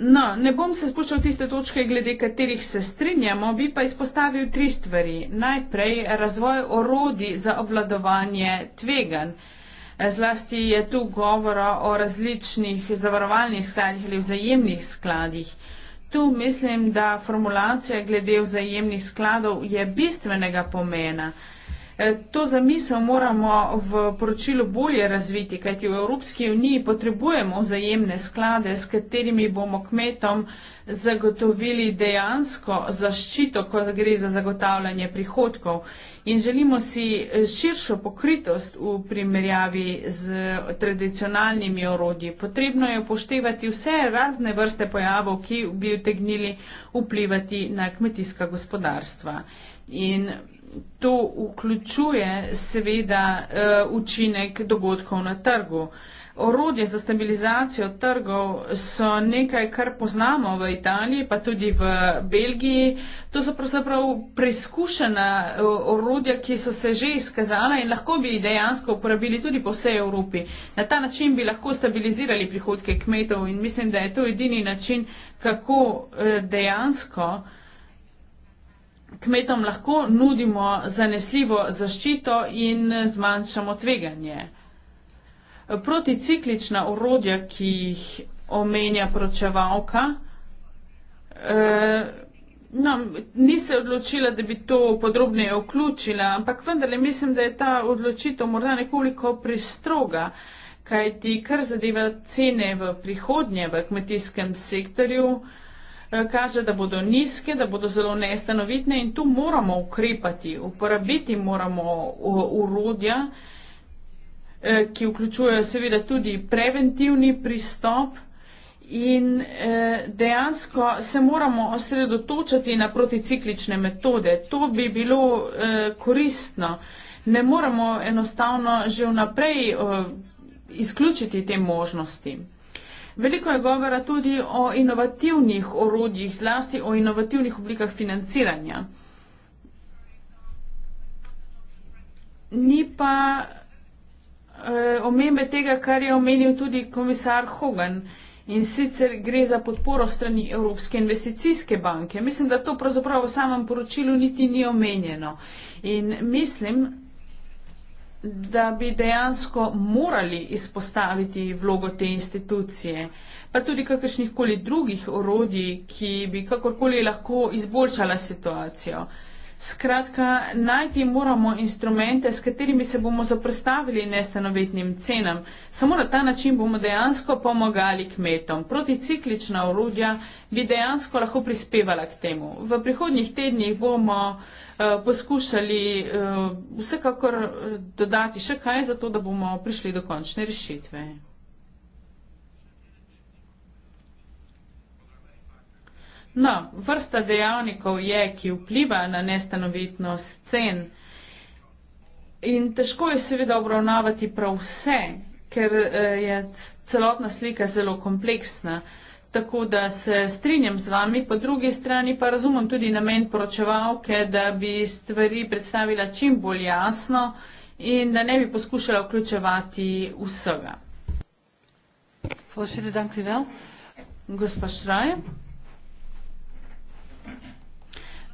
No, ne bom se spuščal v tiste točke, glede katerih se strinjamo, bi pa izpostavil tri stvari. Najprej razvoj orodi za obvladovanje tveganj. Zlasti je tu govora o različnih zavarovalnih skladih ali vzajemnih skladih. Tu mislim, da formulacija glede vzajemnih skladov je bistvenega pomena. E, to zamisel moramo v poročilu bolje razviti, kajti v Evropski uniji potrebujemo vzajemne sklade, s katerimi bomo kmetom zagotovili dejansko zaščito, ko gre za zagotavljanje prihodkov in želimo si eh, širšo pokritost v primerjavi z tradicionalnimi orodji. Potrebno je upoštevati vse razne vrste pojavov, ki bi utegnili vplivati na kmetijska gospodarstva. In to vključuje seveda eh, učinek dogodkov na trgu. Orodje za stabilizacijo trgov so nekaj, kar poznamo v Italiji, pa tudi v Belgiji. To so pravzaprav preizkušena eh, orodja, ki so se že izkazala in lahko bi dejansko uporabili tudi po vsej Evropi. Na ta način bi lahko stabilizirali prihodke kmetov in mislim, da je to edini način, kako eh, dejansko kmetom lahko nudimo zanesljivo zaščito in zmanjšamo tveganje proticiklična orodja, ki jih omenja pročevalka. Uh, eh, no, ni se odločila, da bi to podrobneje vključila, ampak vendarle mislim, da je ta odločitev morda nekoliko pristroga, kajti kar zadeva cene v prihodnje v kmetijskem sektorju, eh, kaže, da bodo nizke, da bodo zelo nestanovitne in tu moramo ukrepati, uporabiti moramo urodja. Uh, Eh, ki vključujejo seveda tudi preventivni pristop in eh, dejansko se moramo osredotočati na proticiklične metode. To bi bilo eh, koristno. Ne moramo enostavno že vnaprej izključiti te možnosti. Veliko je govora tudi o inovativnih orodjih, zlasti o inovativnih oblikah financiranja. Ni pa Eh, omembe tega, kar je omenil tudi komisar Hogan in sicer gre za podporo strani Evropske investicijske banke. Mislim, da to pravzaprav v samem poročilu niti ni omenjeno. In mislim, da bi dejansko morali izpostaviti vlogo te institucije, pa tudi kakršnih koli drugih orodij, ki bi kakorkoli lahko izboljšala situacijo. Uh, Skratka, najti moramo instrumente, s katerimi se bomo zaprstavili nestanovitnim cenam. Samo na ta način bomo dejansko pomagali kmetom. Proticiklična orodja bi dejansko lahko prispevala k temu. V prihodnjih tednih bomo uh, poskušali uh, vsekakor eh, dodati še kaj za to, da bomo prišli do končne rešitve. No, vrsta dejavnikov je, ki vpliva na nestanovitnost cen. In težko je seveda obravnavati prav vse, ker eh, je celotna slika zelo kompleksna. Tako da se strinjam z vami, po drugi strani pa razumem tudi namen poročevalke, da bi stvari predstavila čim bolj jasno in da ne bi poskušala vključevati vsega. Gospa Šraje.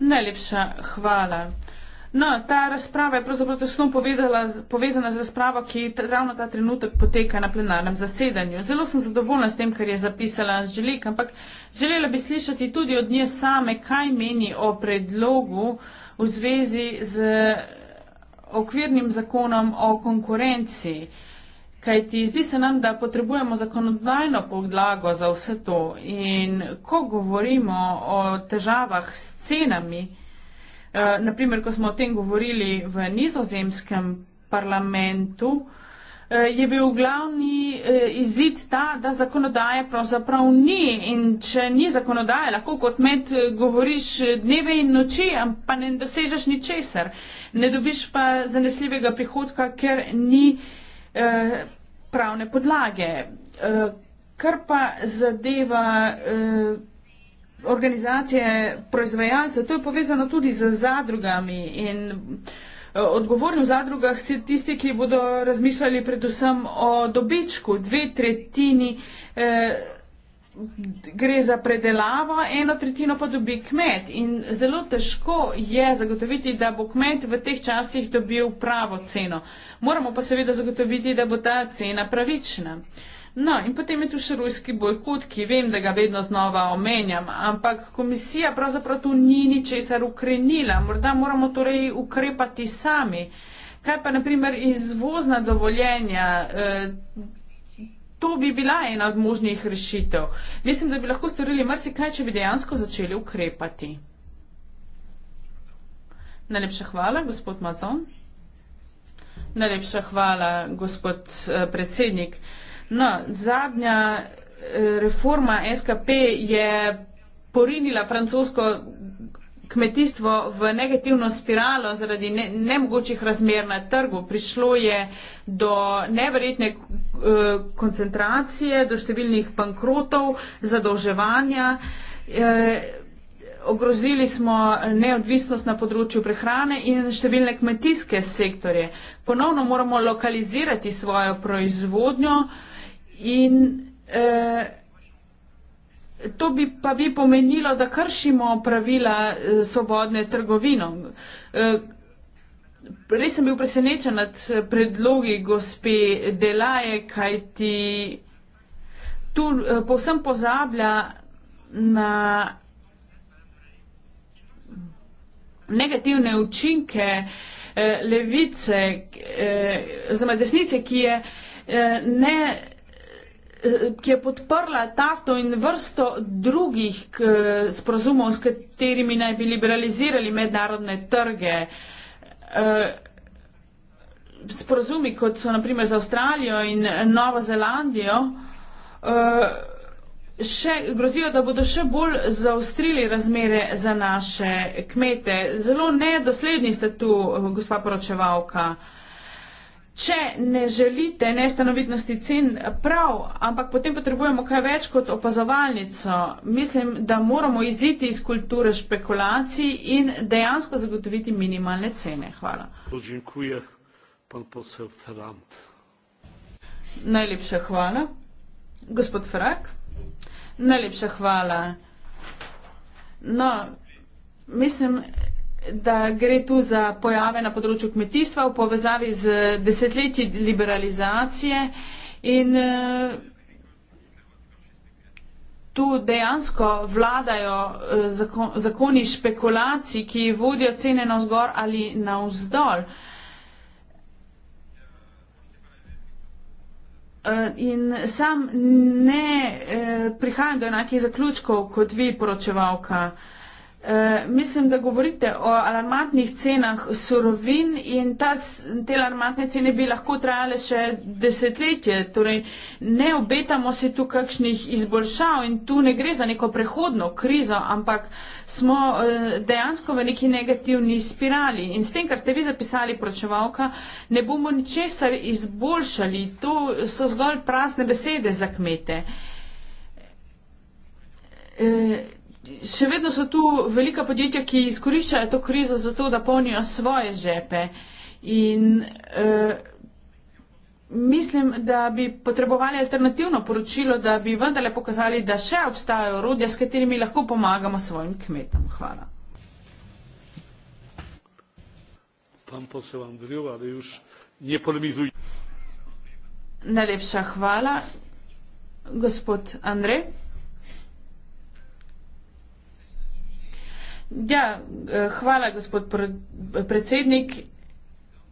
Najlepša hvala. No, ta razprava je pravzaprav tesno povedala, povezana z razpravo, ki ravno ta trenutek poteka na plenarnem zasedanju. Zelo sem zadovoljna s tem, kar je zapisala Anželika, ampak želela bi slišati tudi od nje same, kaj meni o predlogu v zvezi z okvirnim zakonom o konkurenciji. Uh, Kajti zdi se nam, da potrebujemo zakonodajno podlago za vse to. In ko govorimo o težavah s cenami, eh, naprimer, ko smo o tem govorili v nizozemskem parlamentu, eh, je bil glavni eh, izid ta, da zakonodaje pravzaprav ni. In če ni zakonodaje, lahko kot med govoriš dneve in noči, pa ne dosežeš ničesar. Ne dobiš pa zanesljivega prihodka, ker ni. Eh, pravne podlage. Eh, kar pa zadeva eh, organizacije proizvajalce, to je povezano tudi z zadrugami in odgovorni v zadrugah si tisti, ki bodo razmišljali predvsem o dobičku, dve tretjini. Eh, gre za predelavo, eno tretjino pa dobi kmet in zelo težko je zagotoviti, da bo kmet v teh časih dobil pravo ceno. Moramo pa seveda zagotoviti, da bo ta cena pravična. No, in potem je tu še rojski bojkot, ki vem, da ga vedno znova omenjam, ampak komisija pravzaprav tu ni ničesar ukrenila, morda moramo torej ukrepati sami. Kaj pa naprimer izvozna dovoljenja? Eh, to bi bila ena od možnih rešitev. Mislim, da bi lahko storili marsikaj, če bi dejansko začeli ukrepati. Najlepša hvala, gospod Mazon. Najlepša hvala, gospod eh, predsednik. No, zadnja eh, reforma SKP je porinila francosko kmetijstvo v negativno spiralo zaradi ne, nemogočih razmer na trgu. Prišlo je do neverjetne eh, koncentracije, do številnih bankrotov, zadolževanja. Eh, ogrozili smo neodvisnost na področju prehrane in številne kmetijske sektorje. Ponovno moramo lokalizirati svojo proizvodnjo in eh, To bi pa bi pomenilo, da kršimo pravila eh, svobodne trgovine. Eh, res sem bil presenečen nad eh, predlogi gospe Delaje, kaj ti tu povsem pozablja na negativne učinke levice, oziroma desnice, ki je ne ki je podprla Tafto in vrsto drugih sporozumov, s katerimi naj bi liberalizirali mednarodne trge. Eh, sporozumi, kot so naprimer za Avstralijo in Novo Zelandijo, eh, še grozijo, da bodo še bolj zaostrili razmere za naše kmete. Zelo nedosledni ste tu, eh, gospa poročevalka. Če ne želite nestanovitnosti cen, prav, ampak potem potrebujemo kaj več kot opazovalnico. Mislim, da moramo iziti iz kulture špekulacij in dejansko zagotoviti minimalne cene. Hvala. Najlepša hvala. Gospod Frak, najlepša hvala. No, mislim, da gre tu za pojave na področju kmetijstva v povezavi z desetletji liberalizacije in eh, tu dejansko vladajo eh, zakoni špekulacij, ki vodijo cene na vzgor ali na vzdolj. Eh, in sam ne prihajam do enakih zaključkov kot vi, poročevalka. Eh, mislim, da govorite o alarmantnih cenah surovin in ta, te alarmantne cene bi lahko trajale še desetletje. Torej, ne obetamo si tu kakšnih izboljšav in tu ne gre za neko prehodno krizo, ampak smo uh, dejansko v neki negativni spirali. In s tem, kar ste vi zapisali, pročevalka, ne bomo ničesar izboljšali. To so zgolj prazne besede za kmete. E, še vedno so tu velika podjetja, ki izkoriščajo to krizo za to, da polnijo svoje žepe. In e, mislim, da bi potrebovali alternativno poročilo, da bi vendarle pokazali, da še obstajajo orodja, s katerimi lahko pomagamo svojim kmetom. Hvala. Najlepša hvala, gospod Andrej. Ja, eh, hvala, gospod predsednik.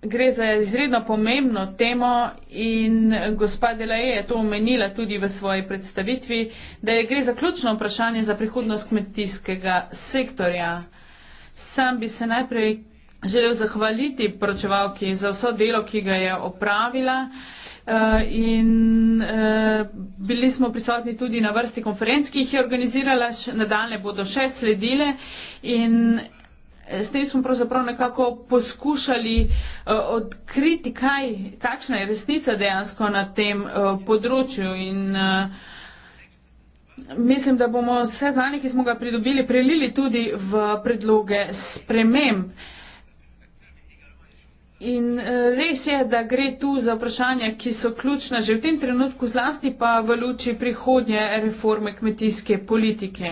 Gre za izredno pomembno temo in gospa Delaje je to omenila tudi v svoji predstavitvi, da je gre za ključno vprašanje za prihodnost kmetijskega sektorja. Sam bi se najprej želel zahvaliti poročevalki za vso delo, ki ga je opravila. Uh, Eh, in eh, bili smo prisotni tudi na vrsti konferenc, ki jih je organizirala, nadaljne bodo še sledile in eh, s tem smo pravzaprav nekako poskušali odkriti, kaj, kakšna je resnica dejansko na tem področju in Mislim, da bomo vse znanje, ki smo ga pridobili, prelili tudi v predloge sprememb. Uh, In eh, res je, da gre tu za vprašanja, ki so ključna že v tem trenutku, zlasti pa v luči prihodnje reforme kmetijske politike.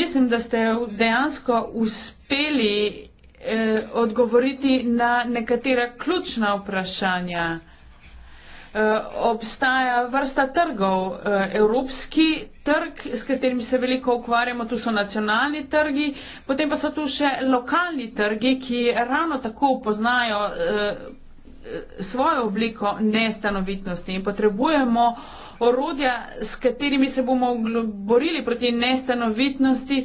Mislim, da ste dejansko uspeli eh, odgovoriti na nekatera ključna vprašanja. Eh, obstaja vrsta trgov, eh, evropski trg, s katerim se veliko ukvarjamo, tu so nacionalni trgi, potem pa so tu še lokalni trgi, ki ravno tako poznajo eh, svojo obliko nestanovitnosti in potrebujemo orodja, s katerimi se bomo borili proti nestanovitnosti,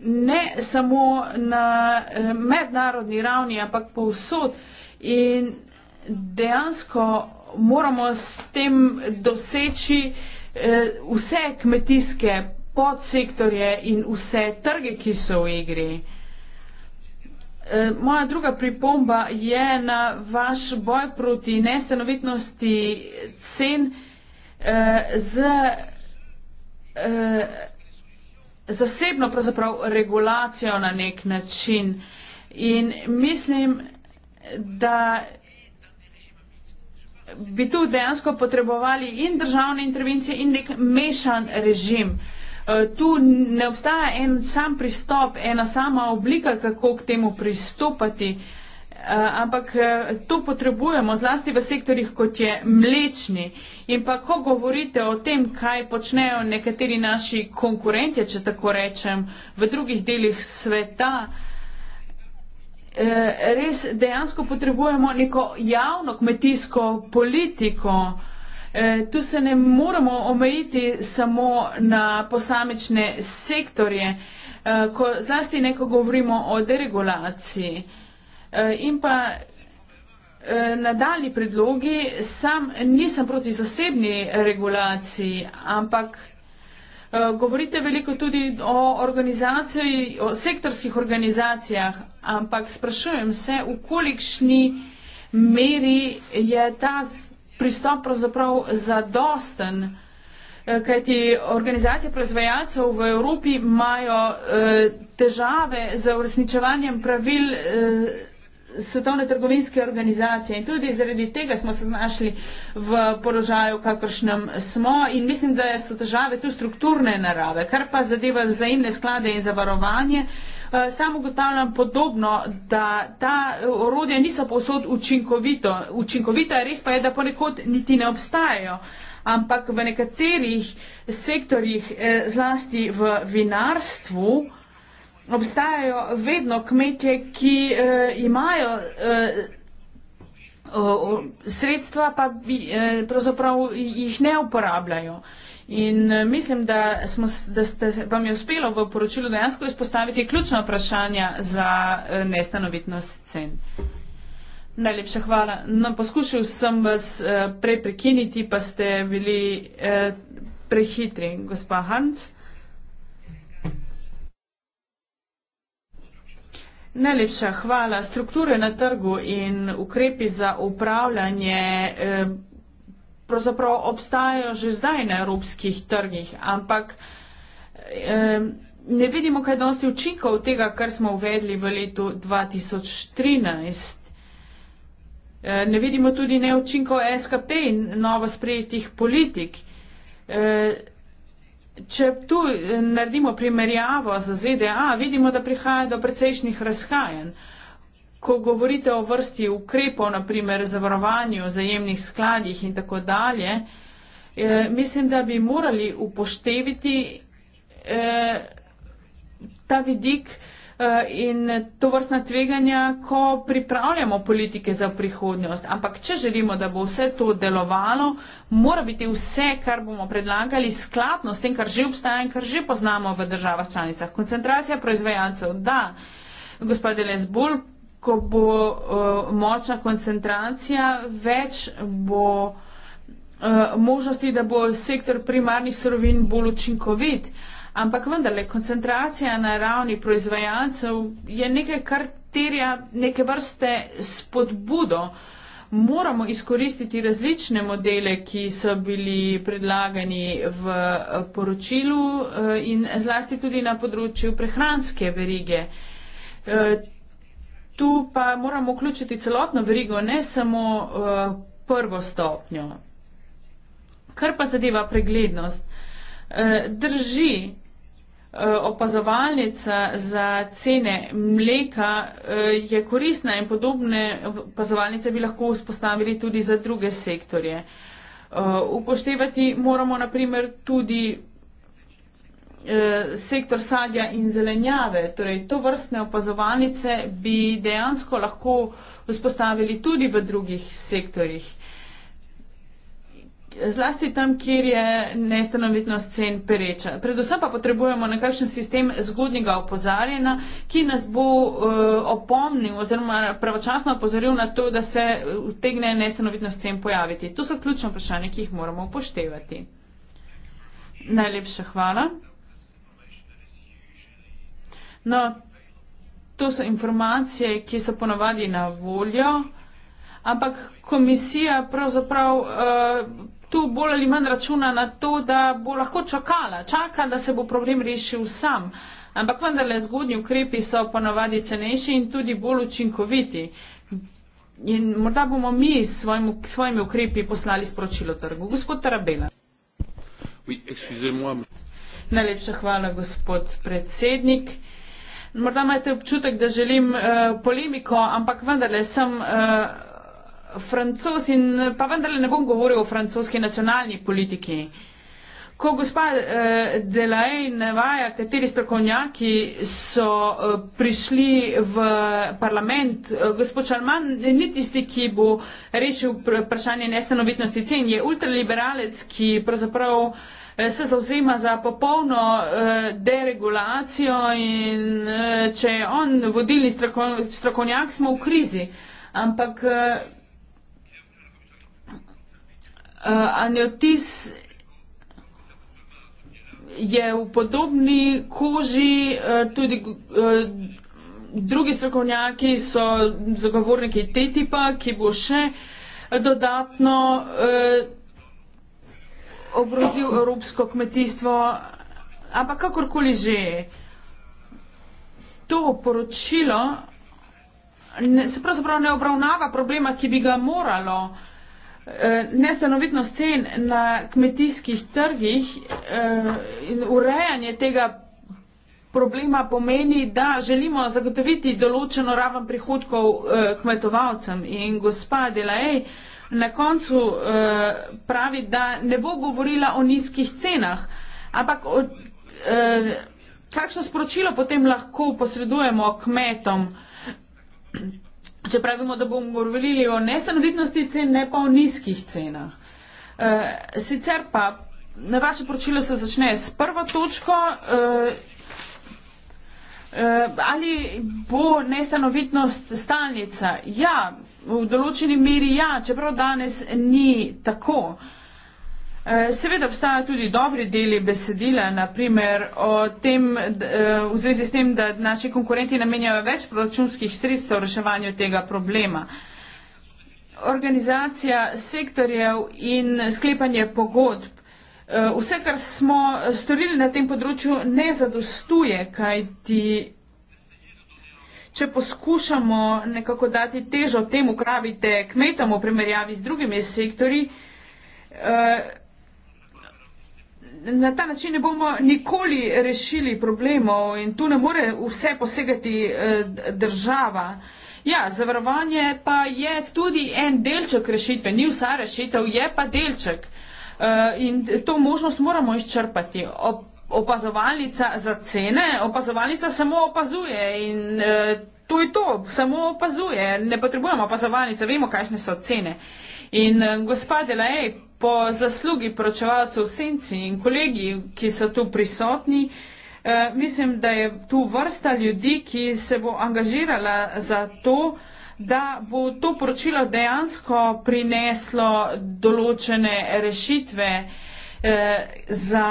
ne samo na mednarodni ravni, ampak povsod. In dejansko moramo s tem doseči eh, vse kmetijske podsektorje in vse trge, ki so v igri. Eh, moja druga pripomba je na vaš boj proti nestanovitnosti cen eh, z zasebno pravzaprav regulacijo na nek način. In mislim, da bi tu dejansko potrebovali in državne intervencije in nek mešan režim. E, tu ne obstaja en sam pristop, ena sama oblika, kako k temu pristopati, e, ampak e, to potrebujemo zlasti v sektorjih, kot je mlečni. In pa, ko govorite o tem, kaj počnejo nekateri naši konkurentje, če tako rečem, v drugih delih sveta, Eh, res dejansko potrebujemo neko javno kmetijsko politiko. Eh, tu se ne moramo omejiti samo na posamične sektorje, eh, ko zlasti neko govorimo o deregulaciji. In pa nadaljni predlogi, sam nisem proti zasebni regulaciji, ampak Eh, govorite veliko tudi o organizaciji, o sektorskih organizacijah, ampak sprašujem se, v kolikšni meri je ta pristop pravzaprav zadosten, eh, kajti organizacije proizvajalcev v Evropi imajo eh, težave za uresničevanjem pravil svetovne trgovinske organizacije in tudi zaradi tega smo se znašli v položaju, kakršnem smo in mislim, da so težave tu strukturne narave, kar pa zadeva vzajemne sklade in zavarovanje. Eh, sam ugotavljam podobno, da ta orodja niso povsod učinkovito. Učinkovita je res pa je, da ponekod niti ne obstajajo, ampak v nekaterih sektorjih, eh, zlasti v vinarstvu, obstajajo vedno kmetje, ki eh, imajo eh, o, sredstva, pa bi, eh, pravzaprav jih ne uporabljajo. In eh, mislim, da, smo, da ste vam je uspelo v poročilu dejansko izpostaviti ključna vprašanja za eh, nestanovitnost cen. Najlepša hvala. No, poskušal sem vas eh, prej prekiniti, pa ste bili eh, prehitri, gospa Hans. Eh, Najlepša hvala. Strukture na trgu in ukrepi za upravljanje eh, pravzaprav obstajajo že zdaj na evropskih trgih, ampak eh, ne vidimo kaj dosti učinkov tega, kar smo uvedli v letu 2013. Eh, ne vidimo tudi neučinkov SKP in novo sprejetih politik. Če tu eh, naredimo primerjavo z ZDA, vidimo, da prihaja do precejšnjih razhajanj. Ko govorite o vrsti ukrepov, naprimer zavarovanju, zajemnih skladih in tako dalje, eh, mislim, da bi morali upoštevati eh, ta vidik, Eh, in to vrstna tveganja, ko pripravljamo politike za prihodnost. Ampak, če želimo, da bo vse to delovalo, mora biti vse, kar bomo predlagali, skladno s tem, kar že obstaja in kar že poznamo v državah članicah. Koncentracija proizvajalcev, da, gospod Deles, bolj, ko bo uh, močna koncentracija, več bo uh, možnosti, da bo sektor primarnih surovin bolj učinkovit ampak vendarle koncentracija na ravni proizvajalcev je nekaj, kar terja neke vrste spodbudo. Moramo izkoristiti različne modele, ki so bili predlagani v eh, poročilu eh, in zlasti tudi na področju prehranske verige. Eh, tu pa moramo vključiti celotno verigo, ne samo prvo stopnjo. Kar pa zadeva preglednost, Eh, drži, eh, opazovalnica za cene mleka eh, je koristna in podobne opazovalnice bi lahko vzpostavili tudi za druge sektorje. Upoštevati moramo naprimer tudi sektor sadja in zelenjave. Torej, to vrstne opazovalnice bi dejansko lahko vzpostavili tudi v drugih sektorjih zlasti tam, kjer je nestanovitnost cen pereča. Predvsem pa potrebujemo nekakšen sistem zgodnjega opozarjena, ki nas bo uh, opomnil oziroma pravočasno opozoril na to, da se eh, utegne nestanovitnost cen pojaviti. To so ključne vprašanja, ki jih moramo upoštevati. Najlepša hvala. No, to so informacije, ki so ponavadi na voljo, ampak komisija pravzaprav. Uh, tu bolj ali manj računa na to, da bo lahko čakala, čaka, da se bo problem rešil sam. Ampak vendarle zgodnji ukrepi so ponavadi cenejši in tudi bolj učinkoviti. In morda bomo mi s svojim, svojimi ukrepi poslali sporočilo trgu. Gospod Tarabela. Najlepša hvala, gospod predsednik. Morda imate občutek, da želim uh, polemiko, ampak vendarle sem. Uh, Francoz in pa vendarle ne bom govoril o francoski nacionalni politiki. Ko gospa eh, Delaej navaja, kateri strokovnjaki so eh, prišli v parlament, eh, gospod Čalman ni tisti, ki bo rešil vprašanje nestanovitnosti cen, je ultraliberalec, ki pravzaprav eh, se zauzema za popolno eh, deregulacijo in eh, če je on vodilni strokovnjak, smo v krizi. Ampak eh, Uh, eh, Anjotis je v podobni koži, uh, tudi uh, drugi strokovnjaki so zagovorniki te tipa, ki bo še dodatno uh, obrozil evropsko kmetijstvo, ampak kakorkoli že. To poročilo ne, se pravzaprav ne obravnava problema, ki bi ga moralo uh, Eh, nestanovitnost cen na kmetijskih trgih eh, in urejanje tega problema pomeni, da želimo zagotoviti določeno raven prihodkov eh, kmetovalcem. In gospa Delaej na koncu pravi, da ne bo govorila o nizkih cenah, ampak o, kakšno sporočilo potem lahko posredujemo kmetom? če pravimo, da bomo govorili o nestanovitnosti cen, ne pa o nizkih cenah. E, sicer pa na vaše poročilo se začne s prvo točko. E, e Ali bo nestanovitnost stalnica? Ja, v določeni meri ja, čeprav danes ni tako. Uh, Eh, seveda obstajajo tudi dobri deli besedila, naprimer tem, eh, v zvezi s tem, da naši konkurenti namenjajo več proračunskih sredstev v reševanju tega problema. Organizacija sektorjev in sklepanje pogodb. Eh, vse, kar smo storili na tem področju, ne zadostuje, kajti če poskušamo nekako dati težo temu, kravite kmetom v primerjavi z drugimi sektori, na ta način ne bomo nikoli rešili problemov in tu ne more vse posegati eh, država. Ja, zavarovanje pa je tudi en delček rešitve, ni vsa rešitev, je pa delček eh, in to možnost moramo izčrpati. Opazovalnica za cene, opazovalnica samo opazuje in eh, to je to, samo opazuje, ne potrebujemo opazovalnice, vemo, kakšne so cene. In gospod Delej, po zaslugi pročevalcev senci in kolegi, ki so tu prisotni, eh, mislim, da je tu vrsta ljudi, ki se bo angažirala za to, da bo to poročilo dejansko prineslo določene rešitve eh, za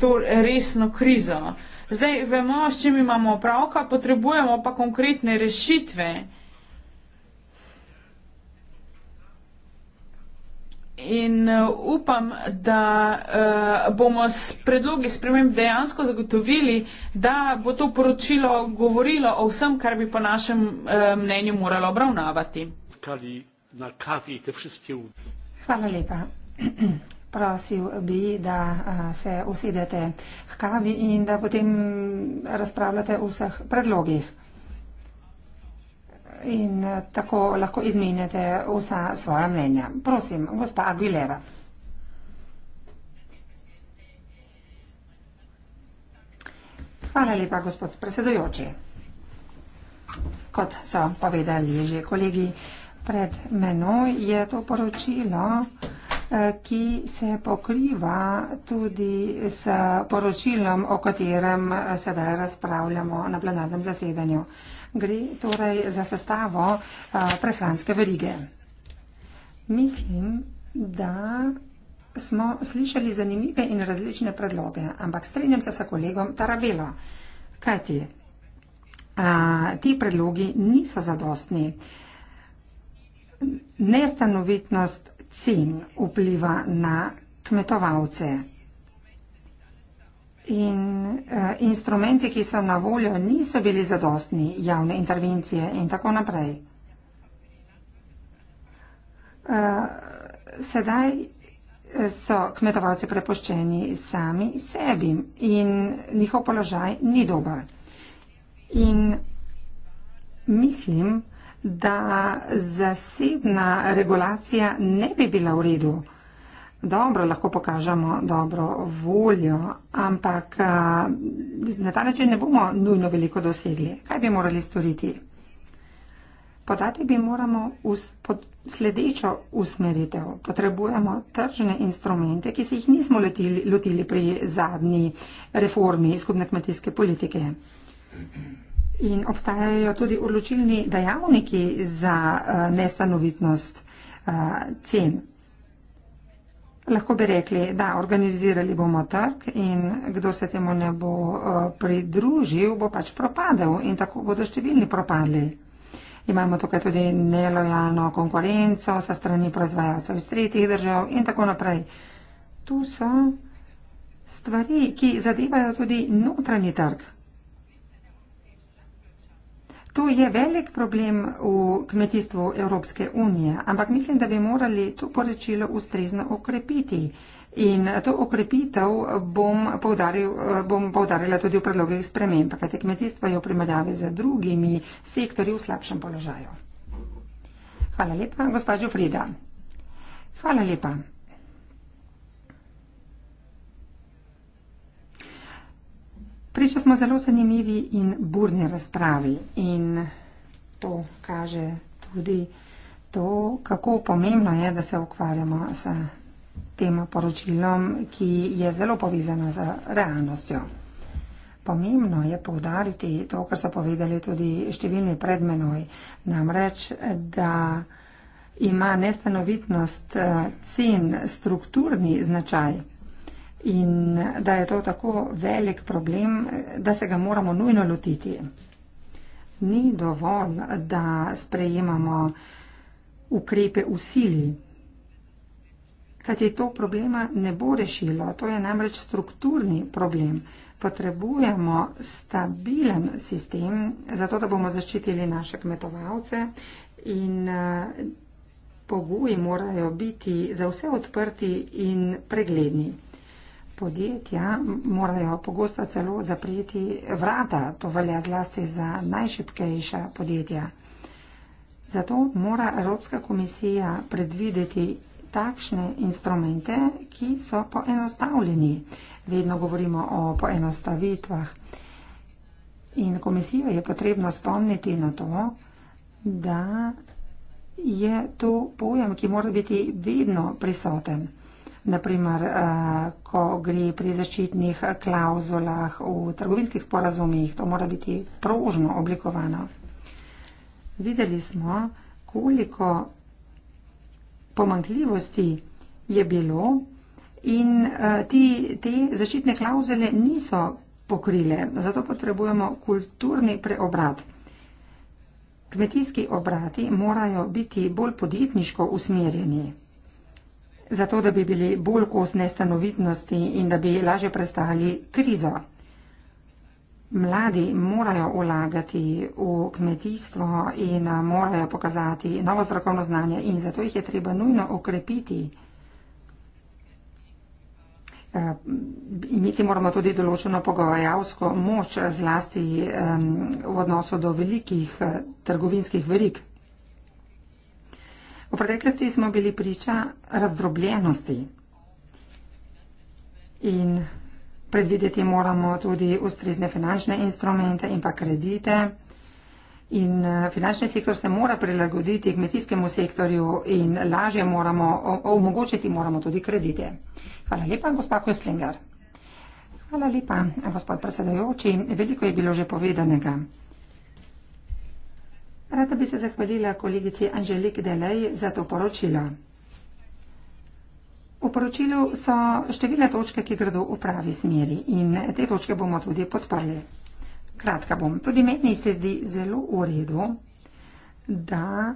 to resno krizo. Zdaj vemo, s čim imamo opravka, potrebujemo pa konkretne rešitve. in eh, upam, da eh, bomo s predlogi sprememb dejansko zagotovili, da bo to poročilo govorilo o vsem, kar bi po našem eh, mnenju moralo obravnavati. Hvala lepa. (clears throat) Prosil bi, da se usedete k kavi in da potem razpravljate o vseh predlogih in eh, tako lahko izmenjate vsa svoja mnenja. Prosim, gospa Aguilera. Hvala lepa, gospod predsedujoči. Kot so povedali že kolegi pred menoj, je to poročilo. Eh, ki se pokriva tudi s poročilom, o katerem eh, sedaj razpravljamo na plenarnem zasedanju. Gre torej za sestavo eh, prehranske verige. Mislim, da smo slišali zanimive in različne predloge, ampak strinjam se s kolegom Taravelo. Kaj ti? Ti predlogi niso zadostni. Nestanovitnost cen vpliva na kmetovalce. In eh, instrumenti, ki so na voljo, niso bili zadostni, javne intervencije in tako naprej. Eh, sedaj so kmetovalci prepoščeni sami sebi in njihov položaj ni dober. In mislim, da zasebna regulacija ne bi bila v redu. Dobro, lahko pokažemo dobro voljo, ampak na ta način ne bomo nujno veliko dosegli. Kaj bi morali storiti? Podati bi moramo us, pod sledečo usmeritev. Potrebujemo tržne instrumente, ki se jih nismo lotili pri zadnji reformi skupne kmetijske politike. In obstajajo tudi odločilni dejavniki za eh, nestanovitnost eh, cen. Lahko bi rekli, da organizirali bomo trg in kdo se temu ne bo eh, pridružil, bo pač propadel in tako bodo številni propadli. Imamo tukaj tudi nelojalno konkurenco sa strani proizvajalcev iz tretjih držav in tako naprej. Tu so stvari, ki zadevajo tudi notranji trg. To je velik problem v kmetijstvu Evropske unije, ampak mislim, da bi morali to poročilo ustrezno okrepiti. In to okrepitev bom, povdaril, bom povdarila tudi v predlogih sprememb, kajte kmetijstvo je v primerjavi z drugimi sektorji v slabšem položaju. Hvala lepa, gospod Žufrida. Hvala lepa. Priča smo zelo zanimivi in burni razpravi in to kaže tudi to, kako pomembno je, da se ukvarjamo s tem poročilom, ki je zelo povezano z realnostjo. Pomembno je povdariti to, kar so povedali tudi številni pred menoj, namreč, da ima nestanovitnost eh, cen strukturni značaj, in da je to tako velik problem, da se ga moramo nujno lotiti. Ni dovolj, da sprejemamo ukrepe v sili, kajti to problema ne bo rešilo. To je namreč strukturni problem. Potrebujemo stabilen sistem, zato da bomo zaščitili naše kmetovalce in eh, pogoji morajo biti za vse odprti in pregledni podjetja morajo pogosto celo zapreti vrata, to velja zlasti za najšipkejša podjetja. Zato mora Evropska komisija predvideti takšne instrumente, ki so poenostavljeni. Vedno govorimo o poenostavitvah. In komisijo je potrebno spomniti na to, da je to pojem, ki mora biti vedno prisoten naprimer, eh, ko gre pri zaščitnih klauzulah v trgovinskih sporazumih, to mora biti prožno oblikovano. Videli smo, koliko pomankljivosti je bilo in eh, ti, te zaščitne klauzule niso pokrile. Zato potrebujemo kulturni preobrat. Kmetijski obrati morajo biti bolj podjetniško usmerjeni zato da bi bili bolj kos nestanovitnosti in da bi lažje prestali krizo. Mladi morajo ulagati v kmetijstvo in morajo pokazati novo strokovno znanje in zato jih je treba nujno okrepiti. Eh, imeti moramo tudi določeno pogovarjavsko moč zlasti v odnosu do velikih eh, trgovinskih verik. V preteklosti smo bili priča razdrobljenosti in predvideti moramo tudi ustrezne finančne instrumente in pa kredite. In eh, finančni sektor se mora prilagoditi kmetijskemu sektorju in lažje moramo, omogočiti moramo tudi kredite. Hvala lepa, gospa Kostlinger. Hvala lepa, gospod predsedajoči. Veliko je bilo že povedanega. Rada bi se zahvalila kolegici Anželiki Delej za to poročilo. V poročilu so številne točke, ki gredo v pravi smeri in te točke bomo tudi podprli. Kratka bom. Tudi meni se zdi zelo v redu, da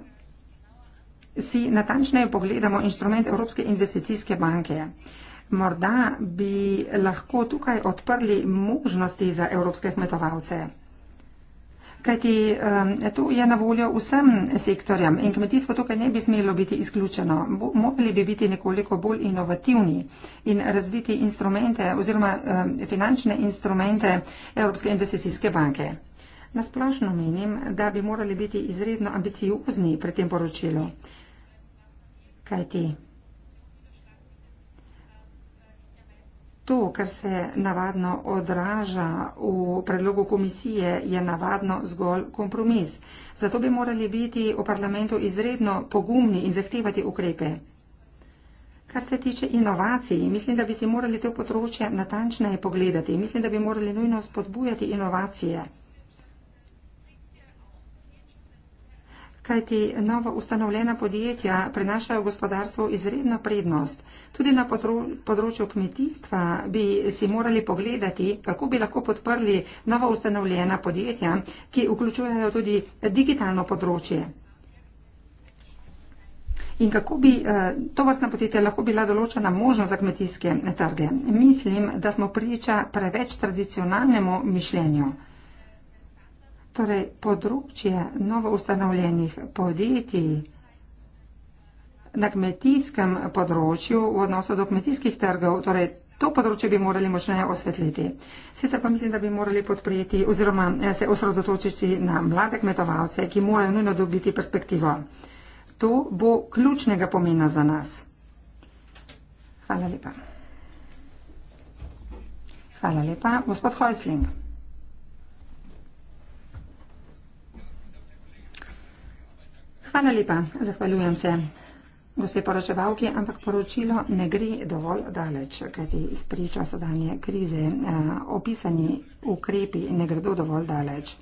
si natančneje pogledamo inštrument Evropske investicijske banke. Morda bi lahko tukaj odprli možnosti za evropske kmetovalce kajti um, to je na voljo vsem sektorjem in kmetijstvo tukaj ne bi smelo biti izključeno. Bo, mogli bi biti nekoliko bolj inovativni in razviti instrumente oziroma um, finančne instrumente Evropske investicijske banke. Nasplošno menim, da bi morali biti izredno ambiciozni pri tem poročilu. Kajti To, kar se navadno odraža v predlogu komisije, je navadno zgolj kompromis. Zato bi morali biti v parlamentu izredno pogumni in zahtevati ukrepe. Kar se tiče inovacij, mislim, da bi si morali to področje natančneje pogledati. Mislim, da bi morali nujno spodbujati inovacije. kajti novo ustanovljena podjetja prenašajo gospodarstvo izredno prednost. Tudi na področju kmetijstva bi si morali pogledati, kako bi lahko podprli novo ustanovljena podjetja, ki vključujejo tudi digitalno področje. In kako bi eh, to vrstna podjetja lahko bila določena možnost za kmetijske trge? Mislim, da smo priča preveč tradicionalnemu mišljenju torej področje novoustanovljenih podjetij na kmetijskem področju v odnosu do kmetijskih trgov, torej to področje bi morali močneje osvetliti. Sicer pa mislim, da bi morali podprijeti oziroma eh, se osredotočiti na mlade kmetovalce, ki morajo nujno dobiti perspektivo. To bo ključnega pomena za nas. Hvala lepa. Hvala lepa. Gospod Hojsling. Hvala lepa, zahvaljujem se. Gospe poročevalke, ampak poročilo ne gre dovolj daleč, kajti izpriča sodanje krize. Eh, opisani ukrepi ne gredo dovolj daleč.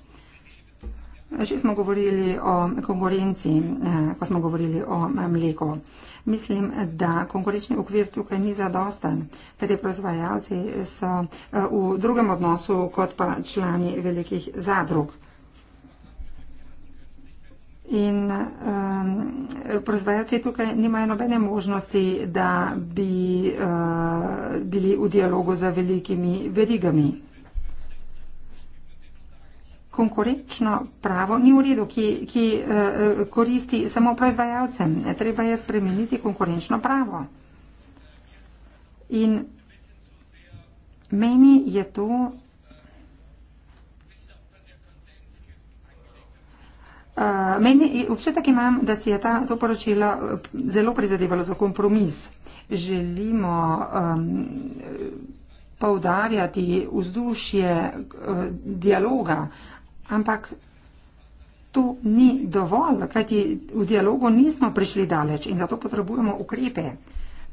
Že smo govorili o konkurenci, eh, ko smo govorili o eh, mleko. Mislim, da konkurenčni okvir tukaj ni zadosten, kajti proizvajalci so v drugem odnosu kot pa člani velikih zadrug. In um, proizvajalci tukaj nimajo nobene možnosti, da bi uh, bili v dialogu z velikimi verigami. Konkurenčno pravo ni v redu, ki, ki uh, uh koristi samo proizvajalcem. Treba je spremeniti konkurenčno pravo. In meni je to Uh, meni občutek imam, da si je ta, to poročilo eh, zelo prizadevalo za kompromis. Želimo um, ehm, povdarjati vzdušje uh, dialoga, ampak to ni dovolj, kajti v dialogu nismo prišli daleč in zato potrebujemo ukrepe.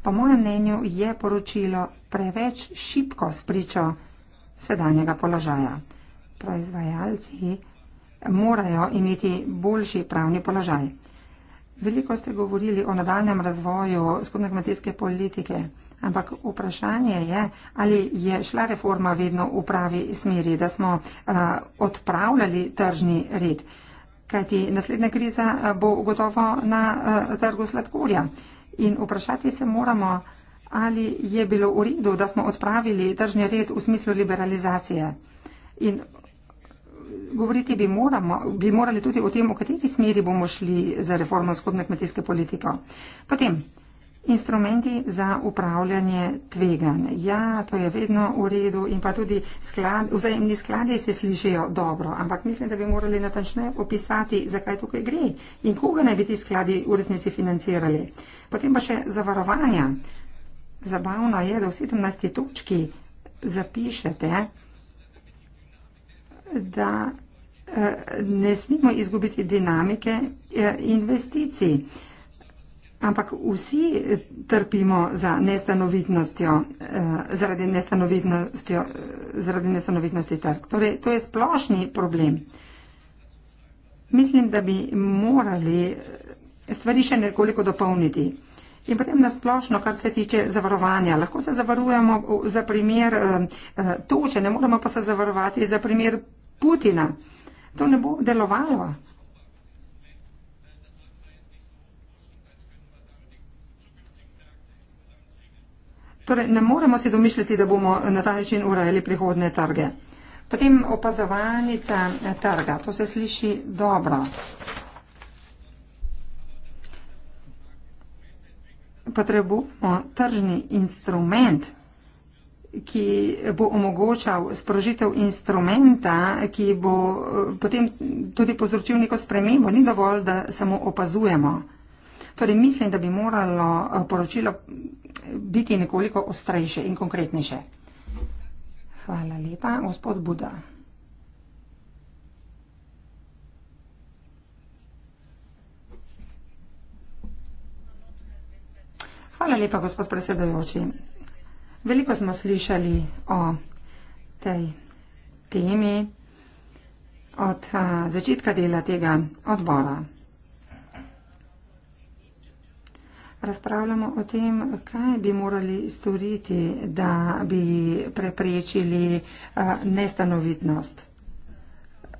Po mojem mnenju je poročilo preveč šipko spričo sedanjega položaja. Proizvajalci morajo imeti boljši pravni položaj. Veliko ste govorili o nadaljem razvoju skupne kmetijske politike, ampak vprašanje je, ali je šla reforma vedno v pravi smeri, da smo uh, odpravljali tržni red. Kajti naslednja kriza eh, bo gotovo na uh, trgu sladkorja. In vprašati se moramo, ali je bilo v redu, da smo odpravili tržni red v smislu liberalizacije. In govoriti bi, moramo, bi morali tudi o tem, v kateri smeri bomo šli za reformo skupne kmetijske politike. Potem, instrumenti za upravljanje tvegan. Ja, to je vedno v redu in pa tudi sklad, vzajemni skladi se slišijo dobro, ampak mislim, da bi morali natančne opisati, zakaj tukaj gre in koga naj bi ti skladi v resnici financirali. Potem pa še zavarovanja. Zabavno je, da v 17. točki zapišete, da eh, ne smemo izgubiti dinamike eh, investicij. Ampak vsi eh, trpimo za nestanovitnostjo, zaradi, nestanovitnostjo, zaradi nestanovitnosti trg. Torej, to je splošni problem. Mislim, da bi morali stvari še nekoliko dopolniti. In potem nasplošno, kar se tiče zavarovanja. Lahko se zavarujemo za primer toče, ne moramo pa se zavarovati za primer Putina. To ne bo delovalo. Torej, ne moremo si domišljati, da bomo na ta način urejali prihodne trge. Potem opazovanica eh, trga. To se sliši dobro. Potrebujemo tržni instrument, ki bo omogočal sprožitev instrumenta, ki bo eh, potem tudi povzročil neko spremembo, ni dovolj, da samo opazujemo. Torej, mislim, da bi moralo eh, poročilo biti nekoliko ostrejše in konkretnejše. Hvala lepa, gospod Buda. Hvala lepa, gospod predsedajoči. Veliko smo slišali o tej temi od začetka dela tega odbora. Razpravljamo o tem, kaj bi morali storiti, da bi preprečili nestanovitnost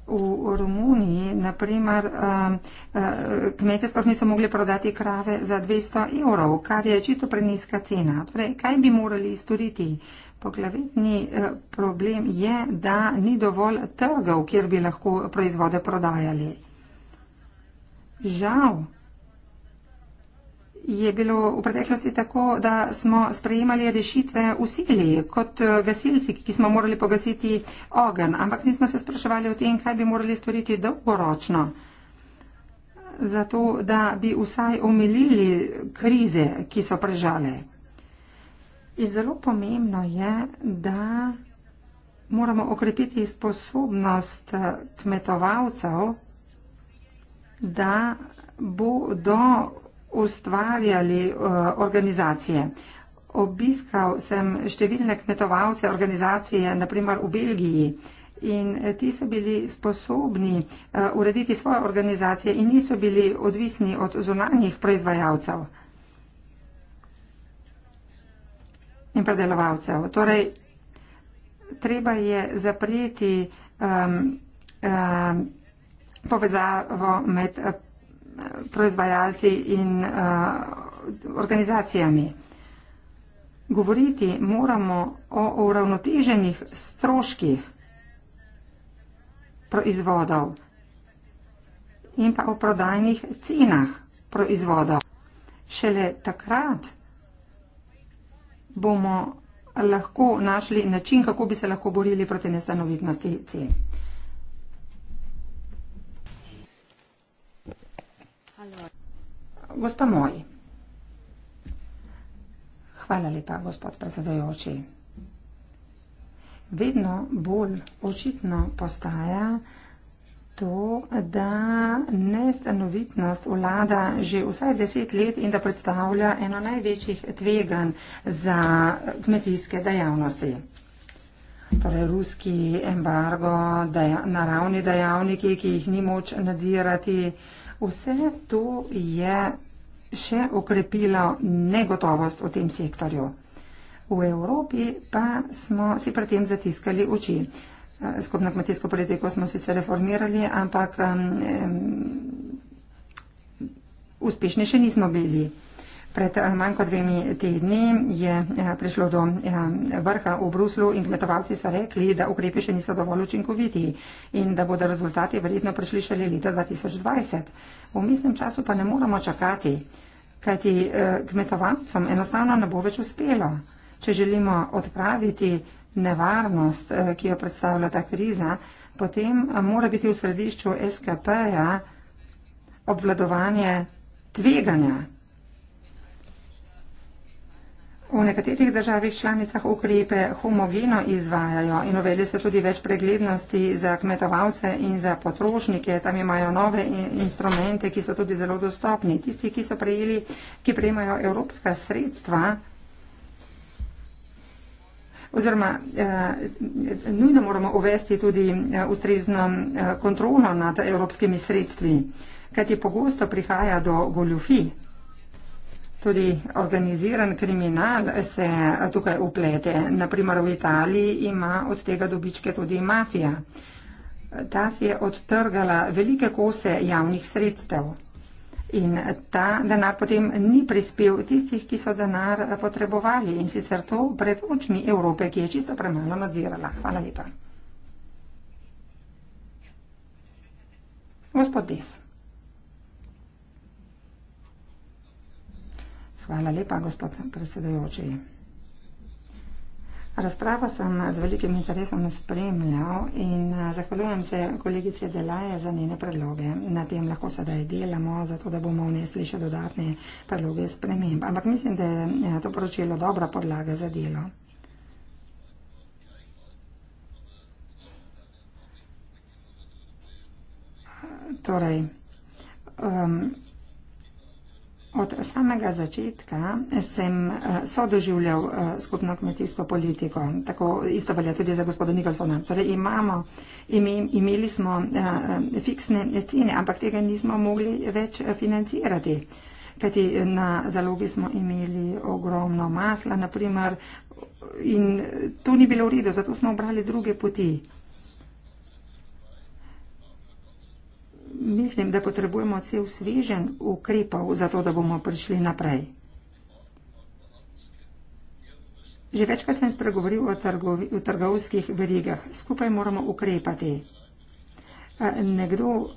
v Romuniji, naprimer, um, uh, kmete sploh niso mogli prodati krave za 200 evrov, kar je čisto preniska cena. Torej, kaj bi morali storiti? Poglavitni eh, problem je, da ni dovolj trgov, kjer bi lahko proizvode prodajali. Žal, je bilo v preteklosti tako, da smo sprejemali rešitve usili kot eh, gasilci, ki smo morali pogasiti ogen, ampak nismo se spraševali o tem, kaj bi morali storiti dolgoročno, zato da bi vsaj omilili krize, ki so prežale. In zelo pomembno je, da moramo okrepiti sposobnost eh, kmetovalcev, da bo do ustvarjali eh, organizacije. Obiskal sem številne kmetovalce organizacije, naprimer v Belgiji. In eh, ti so bili sposobni eh, urediti svoje organizacije in niso bili odvisni od zunanjih proizvajalcev in predelovalcev. Torej, treba je zapreti um, um, povezavo med proizvajalci in eh, organizacijami. Govoriti moramo o uravnoteženih stroških proizvodov in pa o prodajnih cenah proizvodov. Šele takrat bomo lahko našli način, kako bi se lahko borili proti nestanovitnosti cen. Gospa moj. Hvala lepa, gospod predsedojoči. Vedno bolj očitno postaja to, da nestanovitnost vlada že vsaj deset let in da predstavlja eno največjih tveganj za kmetijske dejavnosti. Torej, ruski embargo, dejav, naravni dejavniki, ki jih ni moč nadzirati, eh, Vse to je še okrepilo negotovost v tem sektorju. V Evropi pa smo si pred tem zatiskali oči. Skupno kmetijsko politiko smo sicer reformirali, ampak um, um, uspešni še nismo bili. Pred eh, manj kot dvemi tedni je eh, prišlo do eh, vrha v Bruslu in kmetovalci so rekli, da ukrepi še niso dovolj učinkoviti in da bodo rezultati verjetno prišli šele leta 2020. V mislim času pa ne moramo čakati, kajti kmetovalcem enostavno ne bo več uspelo, če želimo odpraviti nevarnost, ki jo predstavlja ta kriza, potem mora biti v središču SKP-ja obvladovanje tveganja. V nekaterih državih članicah ukrepe homogeno izvajajo in uvedli so tudi več preglednosti za kmetovalce in za potrošnike. Tam imajo nove instrumente, ki so tudi zelo dostopni. Tisti, ki so prejeli, ki prejemajo evropska sredstva, oziroma eh, nujno moramo uvesti tudi eh, ustrezno eh, kontrolo nad evropskimi sredstvi, kajti pogosto prihaja do goljufi. Tudi organiziran kriminal se tukaj uplete. Naprimer v Italiji ima od tega dobičke tudi mafija. Ta si je odtrgala velike kose javnih sredstev. In ta denar potem ni prispel tistih, ki so denar potrebovali in sicer to pred očmi Evrope, ki je čisto premalo nadzirala. Hvala lepa. Gospod Des. Hvala lepa, gospod predsedajoči. Razpravo sem z velikim interesom spremljal in eh, zahvaljujem se kolegice Delaje za njene predloge. Na tem lahko sedaj delamo, zato da bomo vnesli še dodatne predloge sprememb. Ampak mislim, da je eh, to poročilo dobra podlaga za delo. Torej, um, Od samega začetka sem eh, sodoživljal eh, skupno kmetijsko politiko, tako isto velja tudi za gospoda Nikolsona. Torej imamo, imeli smo eh, fiksne cene, ampak tega nismo mogli več financirati. Kajti na zalogi smo imeli ogromno masla, naprimer, in to ni bilo v redu, zato smo obrali druge poti. mislim, da potrebujemo cel svežen ukrepov, zato da bomo prišli naprej. Že večkrat sem spregovoril o, trgovi, o trgovskih verigah. Skupaj moramo ukrepati. Nekdo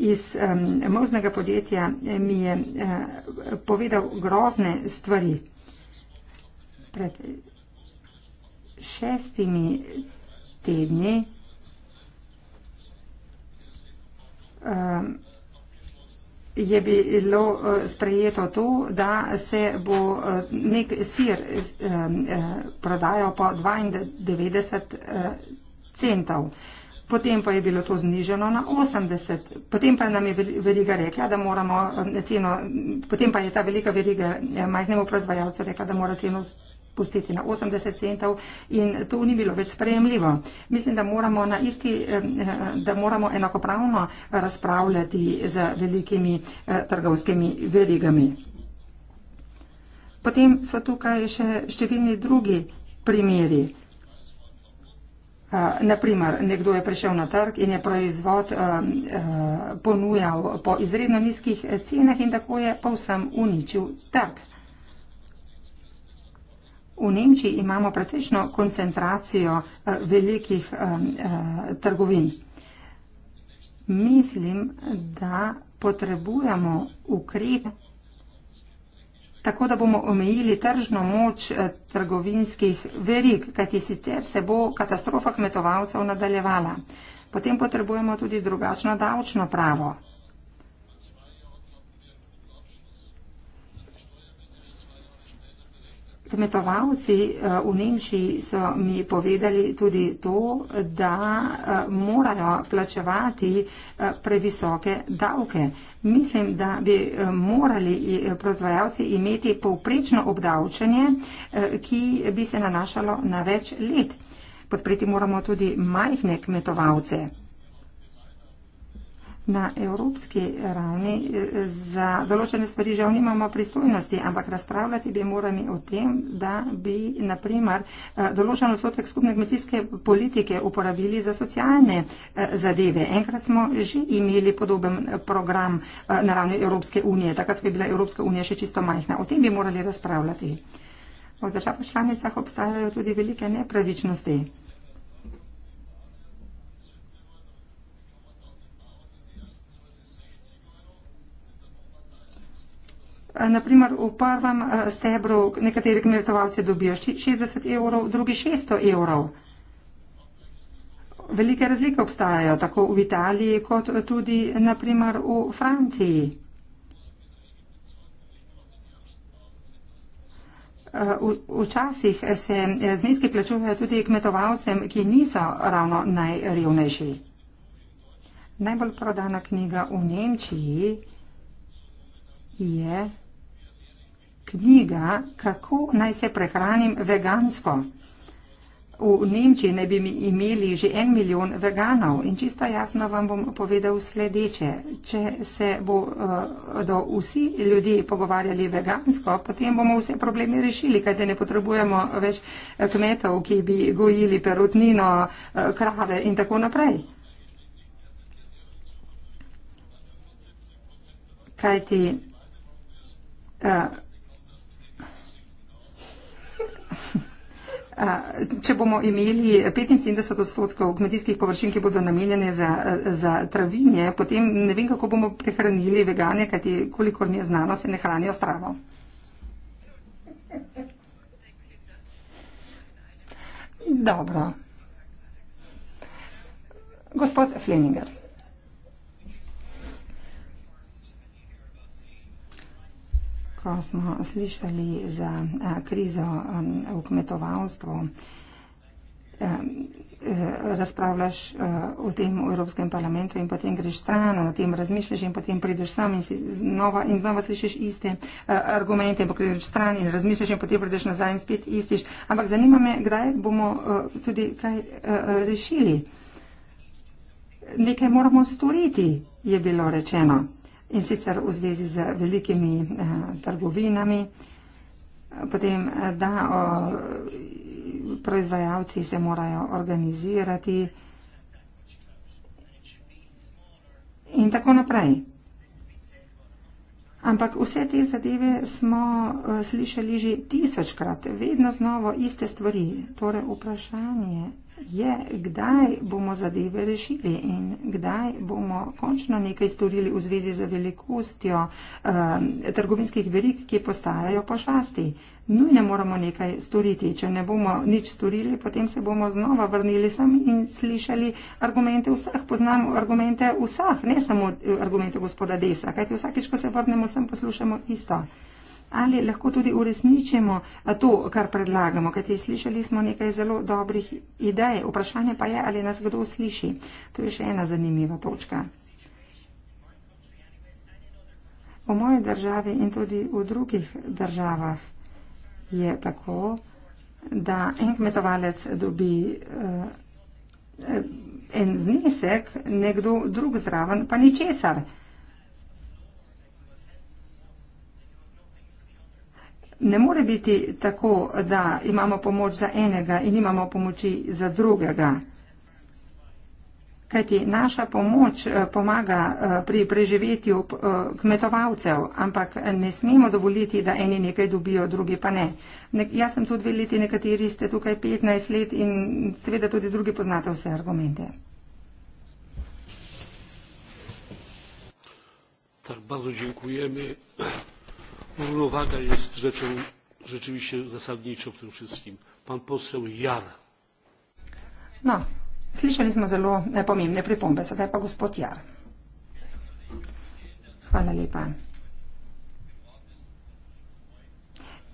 iz um, možnega podjetja mi je uh, povedal grozne stvari. Pred šestimi tedni Ehm, je bilo eh, sprejeto to, da se bo eh, nek sir ehm, eh, prodajal po 92 centov. Potem pa je bilo to zniženo na 80. Potem pa nam je veliga rekla, da moramo ceno, potem pa je ta velika veriga majhnemu proizvajalcu rekla, da mora ceno pustiti na 80 centov in to ni bilo več sprejemljivo. Mislim, da moramo, isti, eh, eh, da moramo enakopravno razpravljati z velikimi eh, trgovskimi verigami. Potem so tukaj še številni drugi primeri. Naprimer, nekdo je prišel na trg in je proizvod ponujal po izredno nizkih cenah in tako je povsem uničil trg. V Nemčiji imamo precejšno koncentracijo eh, velikih eh, eh, trgovin. Mislim, da potrebujemo ukrep, tako da bomo omejili tržno moč trgovinskih verig, kajti sicer se bo katastrofa kmetovalcev nadaljevala. Potem potrebujemo tudi drugačno davčno pravo. Kmetovalci eh, v Nemčiji so mi povedali tudi to, da eh, morajo plačevati eh, previsoke davke. Mislim, da bi morali proizvajalci imeti povprečno obdavčenje, ki bi se nanašalo na več let. Podpreti moramo tudi majhne kmetovalce na evropski ravni eh, za določene stvari žal nimamo pristojnosti, ampak razpravljati bi morali o tem, da bi naprimer eh, določen odstotek skupne kmetijske politike uporabili za socialne eh, zadeve. Enkrat smo že imeli podoben program na ravni Evropske unije, takrat bi bila Evropska unija še čisto majhna. O tem bi morali razpravljati. V državah članicah obstajajo tudi velike nepravičnosti. Naprimer, v prvem eh, stebru nekateri kmetovalci dobijo 60 evrov, drugi 600 evrov. Velike razlike obstajajo tako v Italiji kot tudi naprimer v Franciji. Eh, včasih se eh, zneski plačujejo tudi kmetovalcem, ki niso ravno najrevnejši. Najbolj prodana knjiga v Nemčiji je. Yeah knjiga Kako naj se prehranim vegansko. V Nemčiji ne bi mi imeli že en milijon veganov in čisto jasno vam bom povedal sledeče. Če se bodo eh, uh, vsi ljudje pogovarjali vegansko, potem bomo vse probleme rešili, kajte ne potrebujemo več eh, kmetov, ki bi gojili perutnino, uh, krave in tako naprej. Kajti. Uh, Če bomo imeli 75 odstotkov kmetijskih površin, ki bodo namenjene za, za travinje, potem ne vem, kako bomo prehranili vegane, kajti kolikor mi je znano, se ne hranijo stravo. Dobro. Gospod Fleninger. ko smo slišali za krizo v kmetovalstvu, e, razpravljaš e, o tem v Evropskem parlamentu in potem greš stran, o tem razmišljaš in potem prideš sam in, znova, in znova slišiš iste e, argumente in potem greš stran in razmišljaš in potem prideš nazaj in spet istiš. Ampak zanima me, kdaj bomo tudi kaj rešili. Nekaj moramo storiti, je bilo rečeno in sicer v zvezi z velikimi eh, trgovinami, potem eh, da o, proizvajalci se morajo organizirati in tako naprej. Ampak vse te zadeve smo eh, slišali že tisočkrat, vedno znova iste stvari. Torej vprašanje je, kdaj bomo zadeve rešili in kdaj bomo končno nekaj storili v zvezi z velikostjo um, trgovinskih verik, ki postajajo pošasti. Nujno moramo nekaj storiti. Če ne bomo nič storili, potem se bomo znova vrnili sami in slišali argumente vseh. Poznamo argumente vseh, ne samo eh, argumente gospoda Desa, kajti vsakeč, ko se vrnemo sem, poslušamo isto ali lahko tudi uresničimo to, kar predlagamo, kajti slišali smo nekaj zelo dobrih idej. Vprašanje pa je, ali nas kdo sliši. To je še ena zanimiva točka. V moji državi in tudi v drugih državah je tako, da en kmetovalec dobi uh, en znesek, nekdo drug zraven, pa ni česar. Uh, Ne more biti tako, da imamo pomoč za enega in imamo pomoči za drugega. Kajti naša pomoč eh, pomaga eh, pri preživetju eh, kmetovalcev, ampak ne smemo dovoliti, da eni nekaj dobijo, drugi pa ne. ne jaz sem tu dve leti, nekateri ste tukaj 15 let in seveda tudi drugi poznate vse argumente. Tak, równowaga jest rzeczą rzeczywiście zasadniczą w tym wszystkim. Pan poseł Jara. No, słyszeliśmy zelo e, pomimne przypombe, zatem pa gospod Jar. Hvala lepa.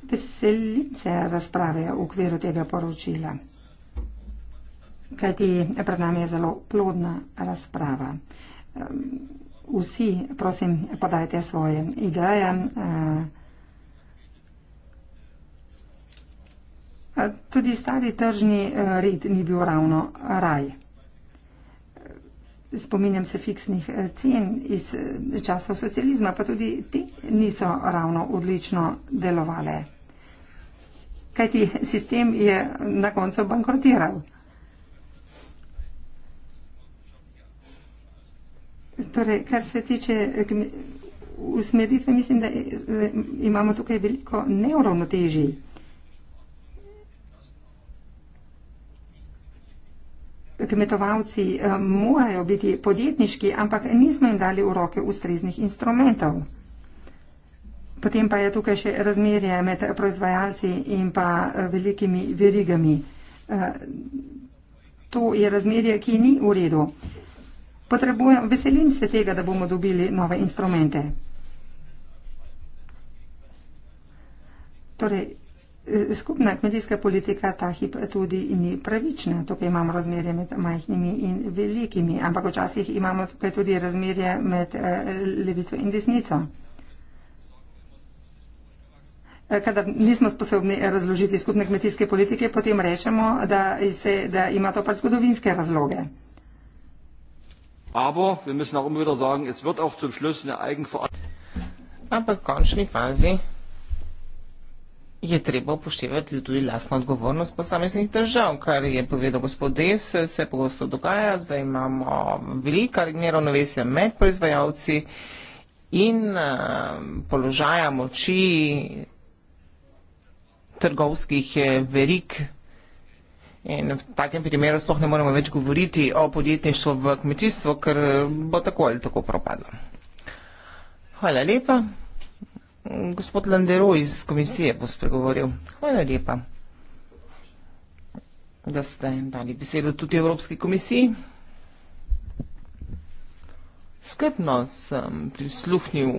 Veselim se razprave v okviru tega poročila, kajti pred nami je zelo plodna razprava vsi, prosim, podajte svoje ideje. Eh, tudi stari tržni eh, red ni bil ravno raj. Spominjam se fiksnih eh, cen iz časov socializma, pa tudi ti niso ravno odlično delovale. Kajti sistem je na koncu bankrotiral. Torej, kar se tiče eh, usmeritve, mislim, da eh, imamo tukaj veliko neuravnotežij. Kmetovalci eh, morajo biti podjetniški, ampak nismo jim dali v roke ustreznih instrumentov. Potem pa je tukaj še razmerje med proizvajalci in pa velikimi verigami. To je razmerje, ki ni v redu. Potrebujem, veselim se tega, da bomo dobili nove instrumente. Torej, eh, skupna kmetijska politika ta hip tudi ni pravična. Tukaj imamo razmerje med majhnimi in velikimi, ampak včasih imamo tukaj tudi razmerje med eh, levico in desnico. Eh, Kada nismo sposobni razložiti skupne kmetijske politike, potem rečemo, da, se, da ima to pač zgodovinske razloge. Aber wir müssen auch immer wieder sagen, es wird auch zum Schluss eine Eigenverantwortung. Aber ganz schön quasi. Je treba upoštevati tudi lastno odgovornost posameznih držav, kar je povedal gospod Des, se pogosto dogaja, zdaj imamo velika neravnovesja med proizvajalci in eh, položaja moči trgovskih eh, verik. In v takem primeru sploh ne moremo več govoriti o podjetništvu v kmetijstvu, ker bo tako ali tako propadlo. Hvala lepa. Gospod Landero iz komisije bo spregovoril. Hvala lepa, da ste dali besedo tudi Evropski komisiji. Skrbno sem prisluhnil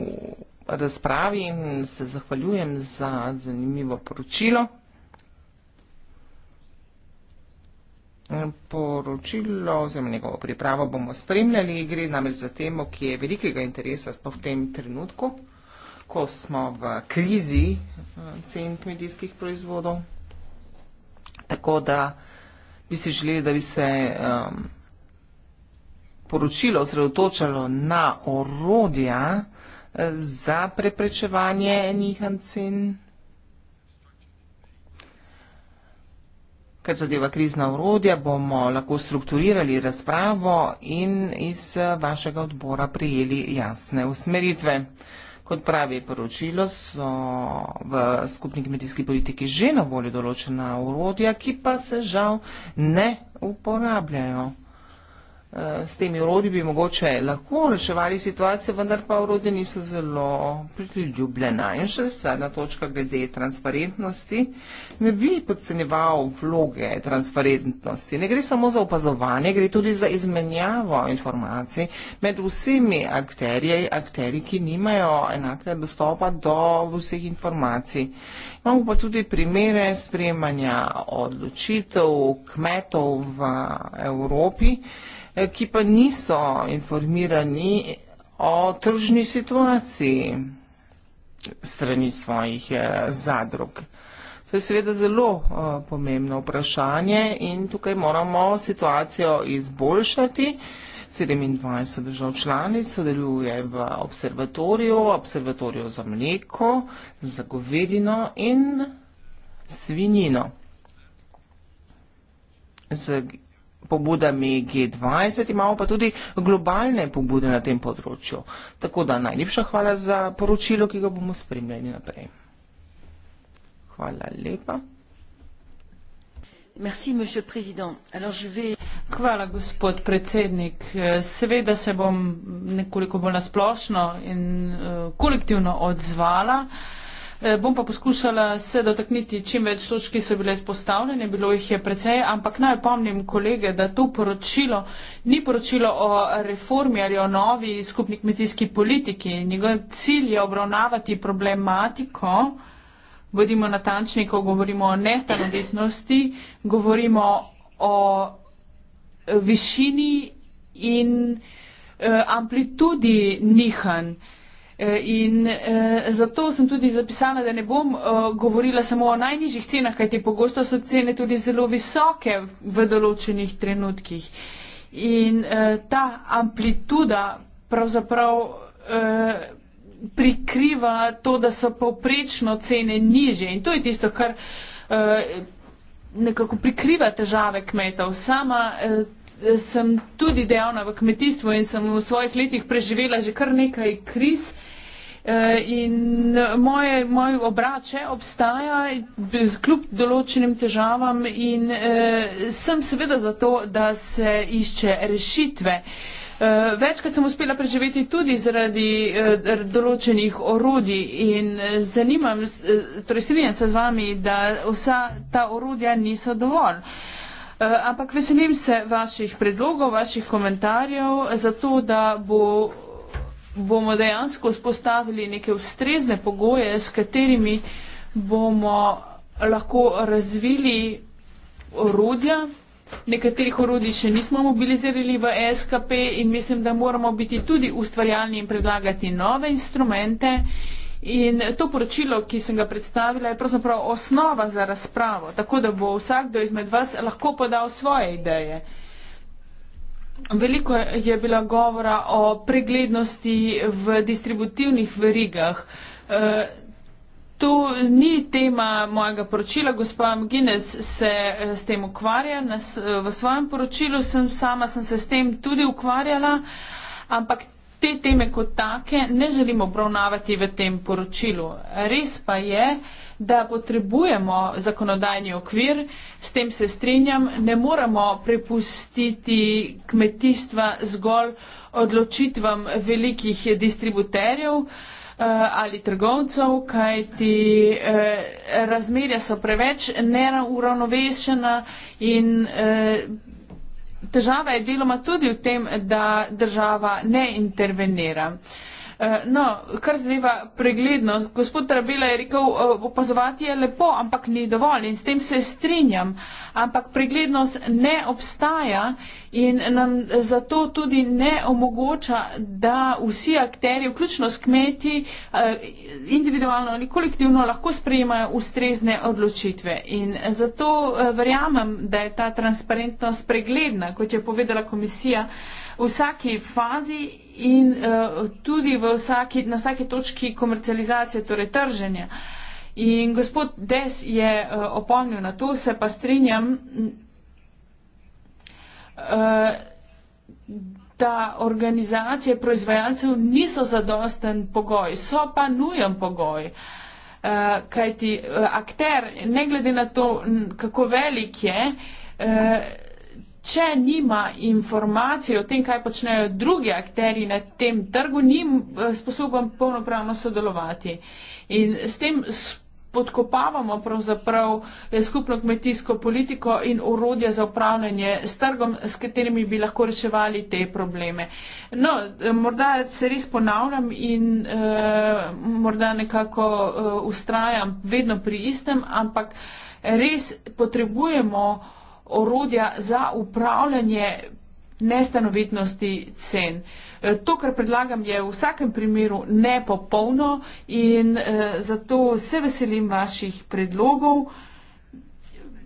razpravi in se zahvaljujem za zanimivo poročilo. poročilo oziroma njegovo pripravo bomo spremljali. Gre namreč za temo, ki je velikega interesa sploh v tem trenutku, ko smo v krizi eh, cen kmetijskih proizvodov. Tako da bi si želeli, da bi se um, poročilo osredotočalo na orodja eh, za preprečevanje nihan cen Kar zadeva krizna urodja, bomo lahko strukturirali razpravo in iz eh, vašega odbora prijeli jasne usmeritve. Kot pravi poročilo, so v skupni kmetijski politiki že na voljo določena urodja, ki pa se žal ne uporabljajo. Eh, s temi urodji bi mogoče lahko reševali situacije, vendar pa urodje niso zelo priljubljena. In še zadnja točka glede transparentnosti. Ne bi podceneval vloge transparentnosti. Ne gre samo za opazovanje, gre tudi za izmenjavo informacij med vsemi akterje, akteri, ki nimajo enake dostopa do vseh informacij. Imamo pa tudi primere sprejemanja odločitev kmetov v Evropi, Eh, ki pa niso informirani o tržni situaciji strani svojih eh, zadrug. To je seveda zelo eh, pomembno vprašanje in tukaj moramo situacijo izboljšati. 27 držav članic sodeluje v observatoriju, observatoriju za mleko, za govedino in svinino pobudami G20, imamo pa tudi globalne pobude na tem področju. Tako da najlepša hvala za poročilo, ki ga bomo spremljali naprej. Hvala lepa. Merci, Alors, je vais... Hvala, gospod predsednik. Seveda se bom nekoliko bolj nasplošno in uh, kolektivno odzvala. Uh, Eh, bom pa poskušala se dotakniti čim več točk, ki so bile izpostavljene, bilo jih je precej, ampak naj opomnim kolege, da to poročilo ni poročilo o reformi ali o novi skupni kmetijski politiki. Njegov cilj je obravnavati problematiko, bodimo natančni, ko govorimo o nestanoditnosti, govorimo o višini in eh, amplitudi nihanj. Eh, in eh, zato sem tudi zapisala, da ne bom eh, govorila samo o najnižjih cenah, kajti pogosto so cene tudi zelo visoke v določenih trenutkih. In ta amplituda pravzaprav prikriva to, da so povprečno cene niže. In to je tisto, kar nekako prikriva težave kmetov. Sama sem tudi dejavna v kmetijstvu in sem v svojih letih preživela že kar nekaj kriz. Eh, in moje, moj obrat še obstaja, kljub določenim težavam in eh, sem seveda za to, da se išče rešitve. Eh, večkrat sem uspela preživeti tudi zaradi eh, določenih orodij in eh, zanimam, eh, torej strinjam se z vami, da vsa ta orodja niso dovolj. Eh, Eh, ampak veselim se vaših predlogov, vaših komentarjev, zato da bo, bomo dejansko spostavili neke ustrezne pogoje, s katerimi bomo lahko razvili orodja. Nekaterih orodij še nismo mobilizirali v e SKP in mislim, da moramo biti tudi ustvarjalni in predlagati nove instrumente. In to poročilo, ki sem ga predstavila, je pravzaprav osnova za razpravo, tako da bo vsakdo izmed vas lahko podal svoje ideje. Veliko je bila govora o preglednosti v distributivnih verigah. E, to ni tema mojega poročila, gospa Mginez se e, s tem ukvarja, e, v svojem poročilu sem sama sem se s tem tudi ukvarjala, ampak te teme kot take ne želimo obravnavati v tem poročilu. Res pa je, da potrebujemo zakonodajni okvir, s tem se strinjam, ne moramo prepustiti kmetijstva zgolj odločitvam velikih distributerjev eh, ali trgovcev, kajti eh, razmerja so preveč neravnovešena in eh, Težava je deloma tudi v tem, da država ne intervenira. Eh, no, kar zadeva preglednost. Gospod Trabela je rekel, eh, opazovati je lepo, ampak ni dovolj in s tem se strinjam. Ampak preglednost ne obstaja in nam zato tudi ne omogoča, da vsi akteri, vključno s kmeti, eh, individualno ali kolektivno lahko sprejemajo ustrezne odločitve. In zato verjamem, da je ta transparentnost pregledna, kot je povedala komisija, v vsaki fazi in uh, tudi vsaki, na vsaki točki komercializacije, torej trženje. In gospod Des je uh, opomnil na to, se pa strinjam, uh, da organizacije proizvajalcev niso zadosten pogoj, so pa nujen pogoj. Uh, kajti uh, akter, ne glede na to, kako velik je, uh, če nima informacij o tem, kaj počnejo drugi akteri na tem trgu, ni eh, sposoben polnopravno sodelovati. In s tem podkopavamo pravzaprav eh, skupno kmetijsko politiko in urodja za upravljanje s trgom, s katerimi bi lahko reševali te probleme. No, eh, morda se res ponavljam in eh, morda nekako eh, ustrajam vedno pri istem, ampak res potrebujemo eh, orodja za upravljanje nestanovitnosti cen. E, to, kar predlagam, je v vsakem primeru nepopolno in e, zato se veselim vaših predlogov.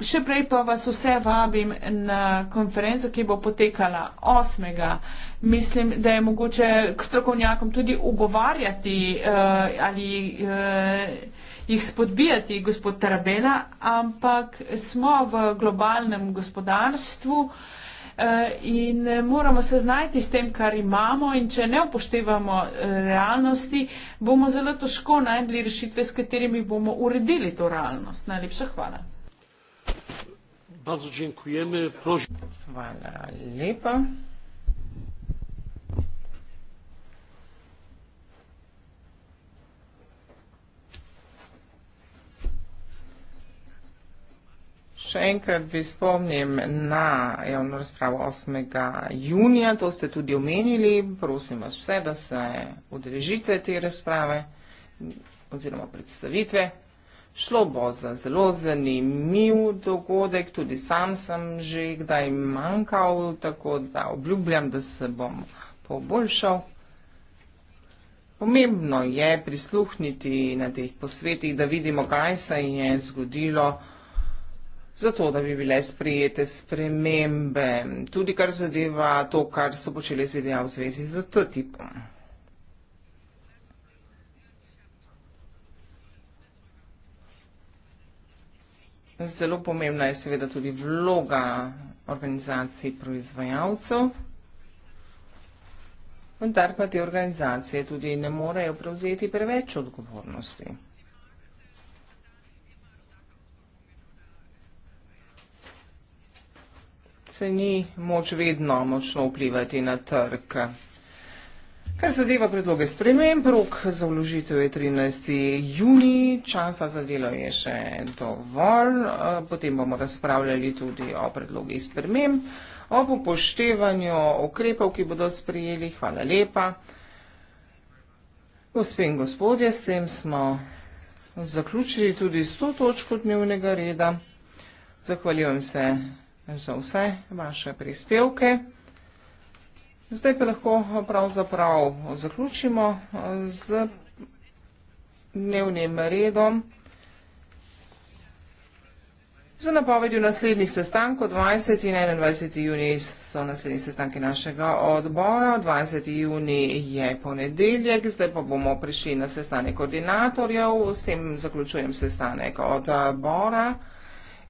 Še prej pa vas vse vabim na konferenco, ki bo potekala 8. Mislim, da je mogoče k strokovnjakom tudi ugovarjati e, ali jih spodbijati, gospod Tarabela, ampak smo v globalnem gospodarstvu eh, in moramo se znajti s tem, kar imamo in če ne upoštevamo eh, realnosti, bomo zelo težko najdli rešitve, s katerimi bomo uredili to realnost. Najlepša hvala. Bardzo dziękujemy. Proszę. Hvala lepa. Še enkrat bi spomnim na javno razpravo 8. junija, to ste tudi omenili, prosim vas vse, da se odrežite te razprave oziroma predstavitve. Šlo bo za zelo zanimiv dogodek, tudi sam sem že kdaj manjkal, tako da obljubljam, da se bom poboljšal. Pomembno je prisluhniti na teh posvetih, da vidimo, kaj se je zgodilo vsega zato, da bi bile sprejete spremembe, tudi kar zadeva to, kar so počele ZDA v zvezi z T-tipom. Zelo pomembna je seveda tudi vloga organizacij proizvajalcev, vendar pa te organizacije tudi ne morejo prevzeti preveč odgovornosti. se ni moč vedno močno vplivati na trg. Kar zadeva predloge sprememb, rok za vložitev je 13. juni, časa za delo je še dovolj, eh, potem bomo razpravljali tudi o predlogih sprememb, ob upoštevanju ukrepov, ki bodo sprijeli. Hvala lepa. Gospe in gospodje, s tem smo zaključili tudi 100 točko dnevnega reda. Zahvaljujem se za vse vaše prispevke. Zdaj pa lahko pravzaprav zaključimo z dnevnim redom. Za napovedjo naslednjih sestankov 20. in 21. juni so naslednji sestanki našega odbora. 20. juni je ponedeljek, zdaj pa bomo prišli na sestanek koordinatorjev. S tem zaključujem sestanek odbora.